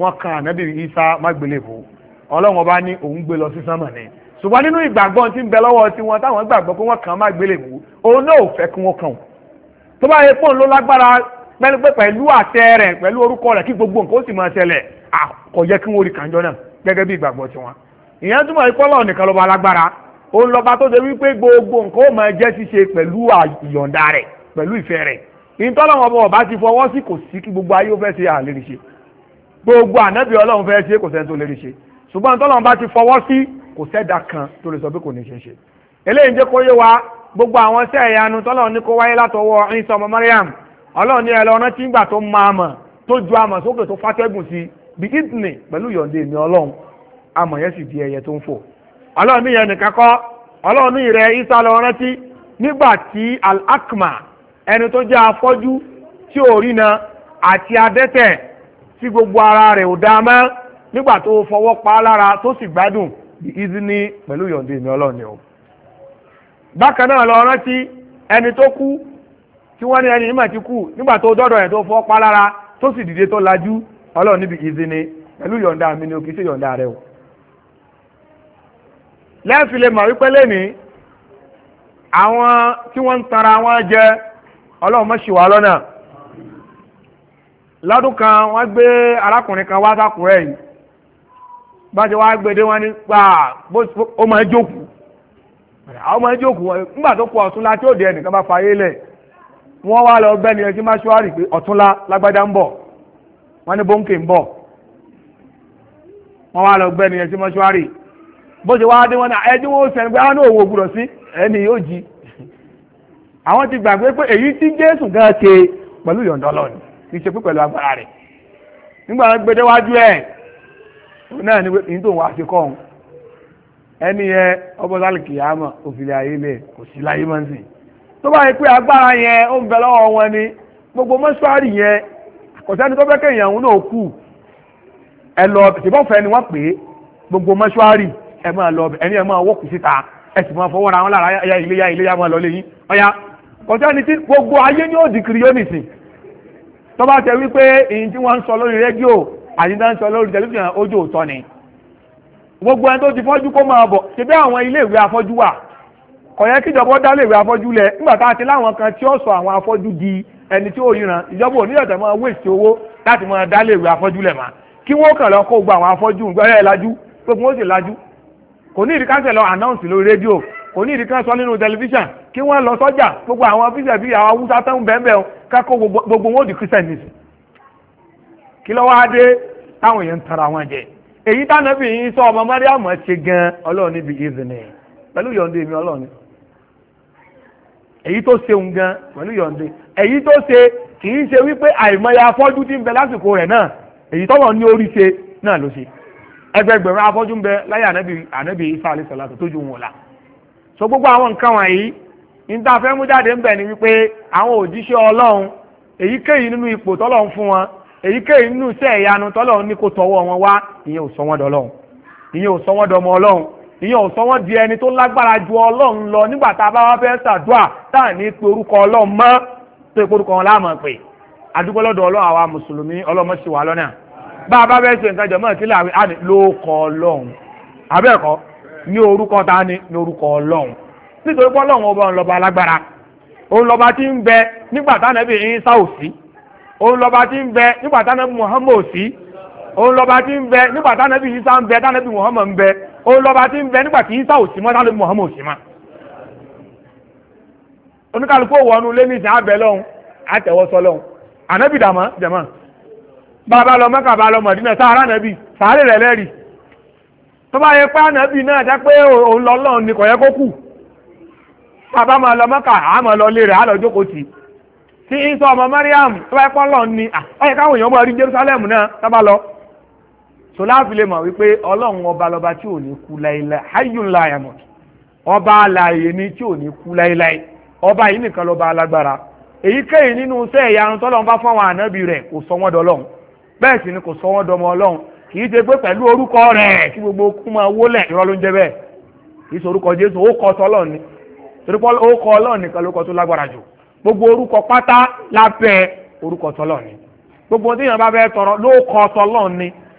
wọ́n kan ànábì Isa mágbélébù ọlọ́run ọba ní òun gbé lọ sí sánmà ni ṣùgbọ́n nínú ìgbàgbọ́ tí ń bẹ lọ́wọ́ tí wọn táwọn gbàgbọ́ pé wọ́n kàn mágbélébù òun náà ò fẹ́ kí wọ́n kàn tó bá yẹ fóun ló lágbára pẹ̀lú pé pẹ̀lú àtẹ rẹ̀ pẹ̀lú orúkọ rẹ̀ kí gbogbo nǹkan ó sì máa ṣẹlẹ̀ àkọ̀yẹ kí wọ́n rí kànjọ́ náà gẹ́gẹ́ bí ìgbàgbọ́ tiwọn ìyẹn túmọ̀ ìpọ́lọ̀ nìkan lọ́ba alágbára ó ń lọ́ba tó ṣe wípé gbogbo nǹkan ó máa jẹ́ ṣíṣe pẹ̀lú ìyọ̀ǹda rẹ̀ pẹ̀lú ìfẹ́ rẹ̀ ìtọ́lọ́wọ́n ọba ọba ti fọwọ́ sí kò sí kí gbogbo ayé ó fẹ́ ṣe àlérí ṣe gbogbo bá ti fọwọ́ sí kò sẹ́dá ọlọ́run ní ẹ lọ rántí ńgbà tó máa mọ̀ tó ju amọ̀ sókè tó fàtẹ́gùn sí bí ìdùnnì pẹ̀lú yọ̀ǹde mi ọlọ́run amọ̀ yẹn sì di ẹyẹ tó ń fò ọlọ́run ní yẹn nìkan kọ́ ọlọ́run ní isa lọ rántí nígbà tí al ẹni tó jẹ́ afọ́jú tí ò rí na àti adẹ́tẹ̀ tí gbogbo ara rẹ̀ ò dáa mọ́ nígbà tó fọwọ́ pa á lára tó sì gbádùn ìdíní pẹ̀lú yọ̀ǹde mi ọlọ́run ni o bákan tí wọ́n ní ẹni nígbà tí kú nígbà tó dọ́dọ̀ yẹn tó fọ́ pa lára tó sì dìde tó lajú ọlọ́run níbi ìzini pẹ̀lú yọ̀ǹda mi ni o kì í ṣe yọ̀ǹda o. lẹ́ẹ̀fì lè mọ̀ wípé àwọn tí wọ́n ń tara wọn ọlọ́run mọ̀ lọ́nà lọ́dún kan wọ́n gbé arákùnrin kan wá sákùrẹ́ yìí bájọ wá gbé dé wọn ní pa ó máa jókòó máa jókòó nígbà tó ọ̀tún wọ́n wá lọ bẹ́ni ẹjí máṣúárì pé ọ̀túnlá lágbájá ń bọ̀ wọ́n ní ń bọ̀ wọ́n wá lọ bẹ́ni ẹjí máṣúárì bó ṣe wá dé wọn ní ẹjí wọn ó sẹ́ni pé àwọn òwò gbúdọ̀ sí ẹni yóò jí [LAUGHS] àwọn ti gbàgbé pé èyí tí Jésù gan ṣe pẹ̀lú ìyọ̀ǹda kì í ṣe pé pẹ̀lú tó bá yẹ pé agbára yẹn ó ń bẹ lọ́wọ́ wọn ni gbogbo mọ́ṣúárì yẹn kò sẹ́ni tó fẹ́ kéèyàn òun náà kù ẹ lọ ṣèbọ̀fẹ́ ni wọ́n pè é gbogbo mọ́ṣúárì ẹ máa lọ ẹni ẹ máa wọ́kù síta ẹ sì máa fọwọ́ra wọn lára ya ilé ya ilé ya máa lọ lé yín ọ̀ya kò sẹ́ni tí gbogbo ayé ni ó di kiri yóò nìsín tó bá tẹ wípé èyí tí wọ́n ń sọ lórí rédíò àti náà ń sọ lórí tẹlifíṣàn ojú òótọ́ ni gbogbo ẹni tó ti fọ́jú kó máa bọ̀ ṣe bí àwọn ilé ìwé afọ́jú wà kò yẹ kíjọba dá léèwé afọ́jú lẹ̀ nígbà tá a ti láwọn kan tí ó sọ àwọn afọ́jú di ẹni tí ó yíran ìjọba oníyọ̀tẹ̀ máa wéèsì owó láti máa dá léèwé afọ́jú lẹ̀ mà kí wọ́n kàn lọ kó gba àwọn afọ́jú gbẹ́rẹ́ lajú pé kí wọ́n sì lajú kò ní ìdí káńsẹ̀ lọ ànáùnsì lórí rédíò kò ní ìdí káńsọ nínú tẹlifíṣàn kí wọ́n lọ sọ́jà gbogbo àwọn fíṣẹ̀ bíi àwọn haúsá tó ń bẹ́ẹ̀ bẹ́ẹ̀ kákó gbogbo wọn di christian nìsí kí ló wá dé pẹ̀lú yọ̀ǹde mi ọlọ́run èyí tó ṣeun gan pẹ̀lú yọ̀ǹde èyí tó ṣe kì í ṣe wípé àìmọye afọ́jú ti ń bẹ lásìkò rẹ̀ náà èyí tọ́wọ́ ní orí ṣe náà ló ṣe ẹgbẹgbẹ̀rún afọ́jú ń bẹ láyé ànábì ànábì Isa alayhi salatu wọn la so gbogbo àwọn nǹkan wọ̀nyí níta fẹ́ mú jáde ń bẹ ni wípé àwọn òjíṣẹ́ ọlọ́run èyíkéyìí nínú ipò tọ́lọ́run fún wọn èyíkéyìí nínú iṣẹ́ ìyanu tọ́lọ́run ní kó tọwọ́ wọn wá ìyẹn ò sọ wọ́n dọ́lọ́run ìyẹn ò sọ wọ́n dọmọ ọlọ́run ìyẹn ò sọ wọ́n di ẹni tó lágbára ju ọlọ́run lọ nígbà tá a bá wá fẹ́ ṣàdúrà tá à ní pe orúkọ ọlọ́run mọ́ tó pe orúkọ wọn láàmọ̀ pé àdúgbò lọ́dọ̀ ọlọ́run àwa mùsùlùmí ọlọ́mọ sì wà lọ́nà bá a bá fẹ́ ṣe nǹkan jọ̀mọ́ ìkílẹ̀ àwẹ̀ àmì ló kọ ọlọ́run àbẹ́ẹ̀kọ́ ní orúkọ ta ni ní orúkọ ọlọ́run nítorí pé ọlọ́run ọba ńlọba alágbára òun lọba ń bẹ nígbà tánàbí Ìsá ò sí òun lọ́ba tí ń bẹ nígbà tí isa ò sí mọ́ sálẹ̀ muhammed ò sí oníkàlùkù òwò ọ̀nù abẹ lọ́hùn àtẹ̀wọ́sọ lọ́hùn ànábì dàmọ́ jẹ̀mọ́ bàbá lọ lọ mọ̀dínà sàárà sàárè rẹ̀ tó bá yẹ pé ànábì náà jẹ́ pé òun lọ lọ́hùn ni kò yẹ kó kù bàbá máa lọ àmọ́ lọ lé rẹ̀ sọlá fi lè mọ̀ wípé ọlọ́run ọba lọ́ba tí ò ní kú láéláé hayyun la yamut ọba alààyè ni tí ò ní kú láéláé ọba yìí nìkan lọ́ba alágbára èyíkéyìí nínú iṣẹ́ ìyanu tọ́lọ́run bá fún àwọn ànábì rẹ̀ kò sọ wọ́n dọlọ́run bẹ́ẹ̀ sì ni kò sọ wọ́n dọmọ ọlọ́run kì í ṣe pé pẹ̀lú orúkọ rẹ̀ kí gbogbo okú máa wólẹ̀ irọ́ ló ń jẹ́ bẹ́ẹ̀ kì í ṣe orúkọ jésù ó kọ tọ́lọ́run ni torí pé ó kọ ọlọ́run nìkan ló kọ tó lágbára jù gbogbo orúkọ pátá lábẹ́ orúkọ tọ́lọ́run ni gbogbo tí èèyàn bá fẹ́ tọrọ ló kọ tọ́lọ́run ni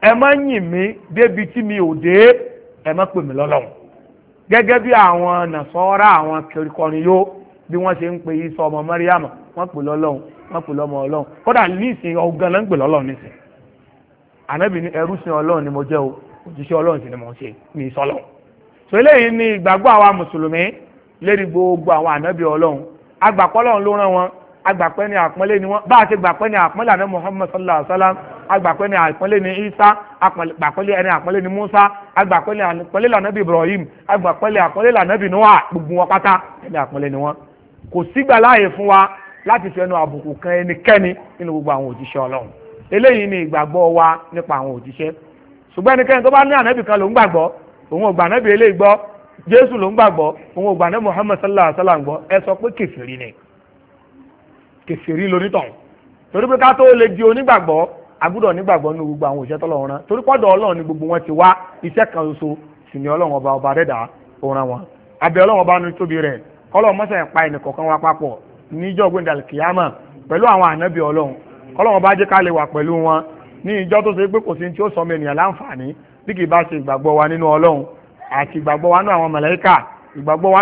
ẹ má yìn mí débi tí mi ò dé ẹ má pè mí lọ́lọ́run gẹ́gẹ́ bí àwọn awọn àwọn kọrin bi bí wọ́n ṣe ń ọmọ wọ́n pè lọ́lọ́run wọ́n pè lọ́mọ ọlọ́run kódà níìsín ọ̀gán ló ń pè lọ́lọ́run níìsín ànábì ní ẹrú ni mo jẹ́ o òjíṣẹ́ ọlọ́run ni mo ṣe so eléyìí ni ìgbàgbọ́ àwa mùsùlùmí gbogbo àwọn ànábì ọlọ́run agbàpọ́lọ́run ló rán wọn àpọ́nlé ni wọ́n bá a agbàpẹ́ ni àpọ́nlé ni Isa agbàpẹ́lẹ́ ẹni àpọ́nlé ni Musa agbàpẹ́lẹ́ àpọ́nlé lànàbì Ibrahim agbàpẹ́lẹ́ àpọ́nlé lànàbì Noah gbogbo wọn pátá ẹni àpọ́nlé ni wọn kò sígbà láàyè fún wa láti fẹnu àbùkù kan ẹnikẹ́ni nínú gbogbo àwọn òjíṣẹ́ Ọlọ́run eléyìí ni ìgbàgbọ́ wa nípa àwọn òjíṣẹ́ ṣùgbọ́n ẹnikẹ́ni tó bá ní ànábì kan ló ń gbàgbọ́ òun ò gbà ànábì eléyìí Jésù ló ń gbàgbọ́ òun ò gbà ànábì Muhammad sallallahu alaihi wa sallam gbọ́ ẹ sọ pé kèfèrí ni kèfèrí lonítọ̀hún torí pé ká tó lè di onígbàgbọ́ agbúdọ̀ nígbàgbọ́ nínú gbogbo àwọn òṣìṣẹ́ tọ́lọ́run rán torí pọ́dọ̀ ọlọ́run ni gbogbo wọn ti wá iṣẹ́ kan ṣoṣo sì ni ọlọ́run ọba ọba dẹ́dà òran wọn abẹ́ ọlọ́run ọba ní tóbi rẹ̀ kọ́lọ́run mọ́sẹ̀ pa ẹnì kọ̀ọ̀kan wa papọ̀ níjọ́ gbẹ̀ndàlì kìyàmà pẹ̀lú àwọn ànábì ọlọ́run kọ́lọ́run ọba jẹ́ ká lè wà pẹ̀lú wọn ní ìjọ tó ṣe pé kò sí tí ó sọmọ ènìyàn láǹfààní bí kì í bá ṣe ìgbàgbọ́ wa nínú ọlọ́run àti ìgbàgbọ́ wa nínú àwọn màláíkà ìgbàgbọ́ wa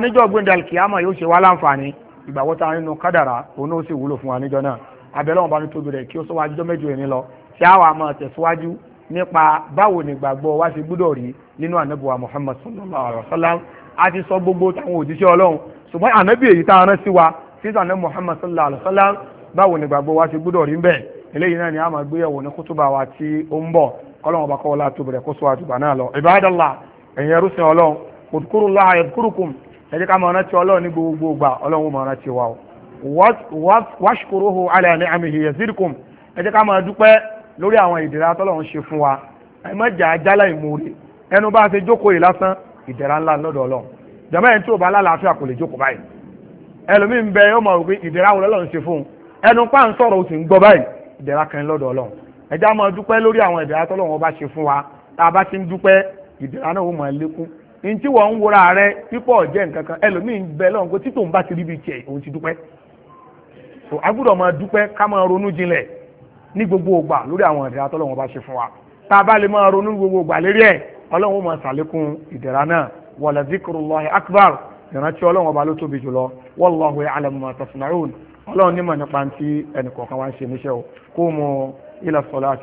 níjọ́ gbẹ̀ndàlì kìyàmà yóò ṣe wá láǹfààní ìgbàgbọ́ ta nínú kádàrá òun náà sì wúlò fún wa níjọ náà abẹ́lẹ́ wọn bá ní tóbi rẹ̀ kí ó sọ wájú jọ́ mẹ́jọ ìrìn lọ tí a wà máa tẹ̀síwájú nípa báwo ni ìgbàgbọ́ wa ṣe gbúdọ̀ rí nínú ànábùwà Muhammad sallallahu alayhi wa sallam a ti sọ gbogbo táwọn òjíṣẹ́ Ọlọ́run ṣùgbọ́n ànábì èyí tá a rán sí wa sísan ní Muhammad sallallahu alayhi wa sallam báwo ni ìgbàgbọ́ wa ṣe gbúdọ̀ rí bẹ́ẹ̀ eléyìí náà ni a máa gbéyẹ̀wò ní kútùbà wa tí ó ń bọ̀ kọ́lọ́n ọba kọ́wọ́lá tóbi rẹ̀ kó sọ àtùbà náà lọ ibadallah ẹ̀yin ẹrú sin Ọlọ́run udkurullaha yadhkurukum ẹ jẹ́ ká máa rántí ọlọ́run ní gbogbo ìgbà ọlọ́run máa rántí wa o wáṣukúrúhù ala ni'amihi yazidukum ẹ jẹ́ ká máa dúpẹ́ lórí àwọn ìdẹ̀ra tọ́lọ́run ṣe fún wa ẹ má jẹ́ ajálá ìmoore ẹnu bá a ṣe jókòó yìí lásán ìdẹ̀ra ńlá lọ́dọ̀ ọlọ́run jàmbá yẹn tí ò bá lálàáfíà kò lè jókòó báyìí ẹlòmíín bẹ yóò mọ̀ wípé ìdẹ̀ra àwọn ọlọ́run ṣe fún ẹnu pa ń sọ̀rọ̀ òsì ń gbọ́ báyìí ìdẹ̀ra kan lọ́dọ̀ ọlọ́run ẹ jẹ́ á dúpẹ́ lórí àwọn ìdẹ̀ra tọ́lọ́run ọba ṣe fún wa tá a bá ti ń dúpẹ́ ìdẹ̀ra náà ó máa lékún ní tí wọ́n ń wúra rẹ pípọ̀ jẹ́ nǹkan kan ẹlòmíín bẹ lọ́n kó tí tòun bá ti rí ibi tiẹ̀ òun ti dúpẹ́ so a gbọ́dọ̀ máa dúpẹ́ ká máa ronú jinlẹ̀ ní gbogbo ògbà lórí àwọn ìdẹ̀ra tọ́lọ́run bá ṣe fún wa tá a bá lè máa ronú gbogbo ògbà lérí ẹ̀ ọlọ́run ó máa ṣàlékún ìdẹ̀ra náà wala zikrullahi akbar ìrántí ọlọ́run ọba ló tóbi jùlọ wallahu ya'lamu ma tasna'un ọlọ́run nímọ̀ nípa ti ẹnì kọ̀ọ̀kan wá ń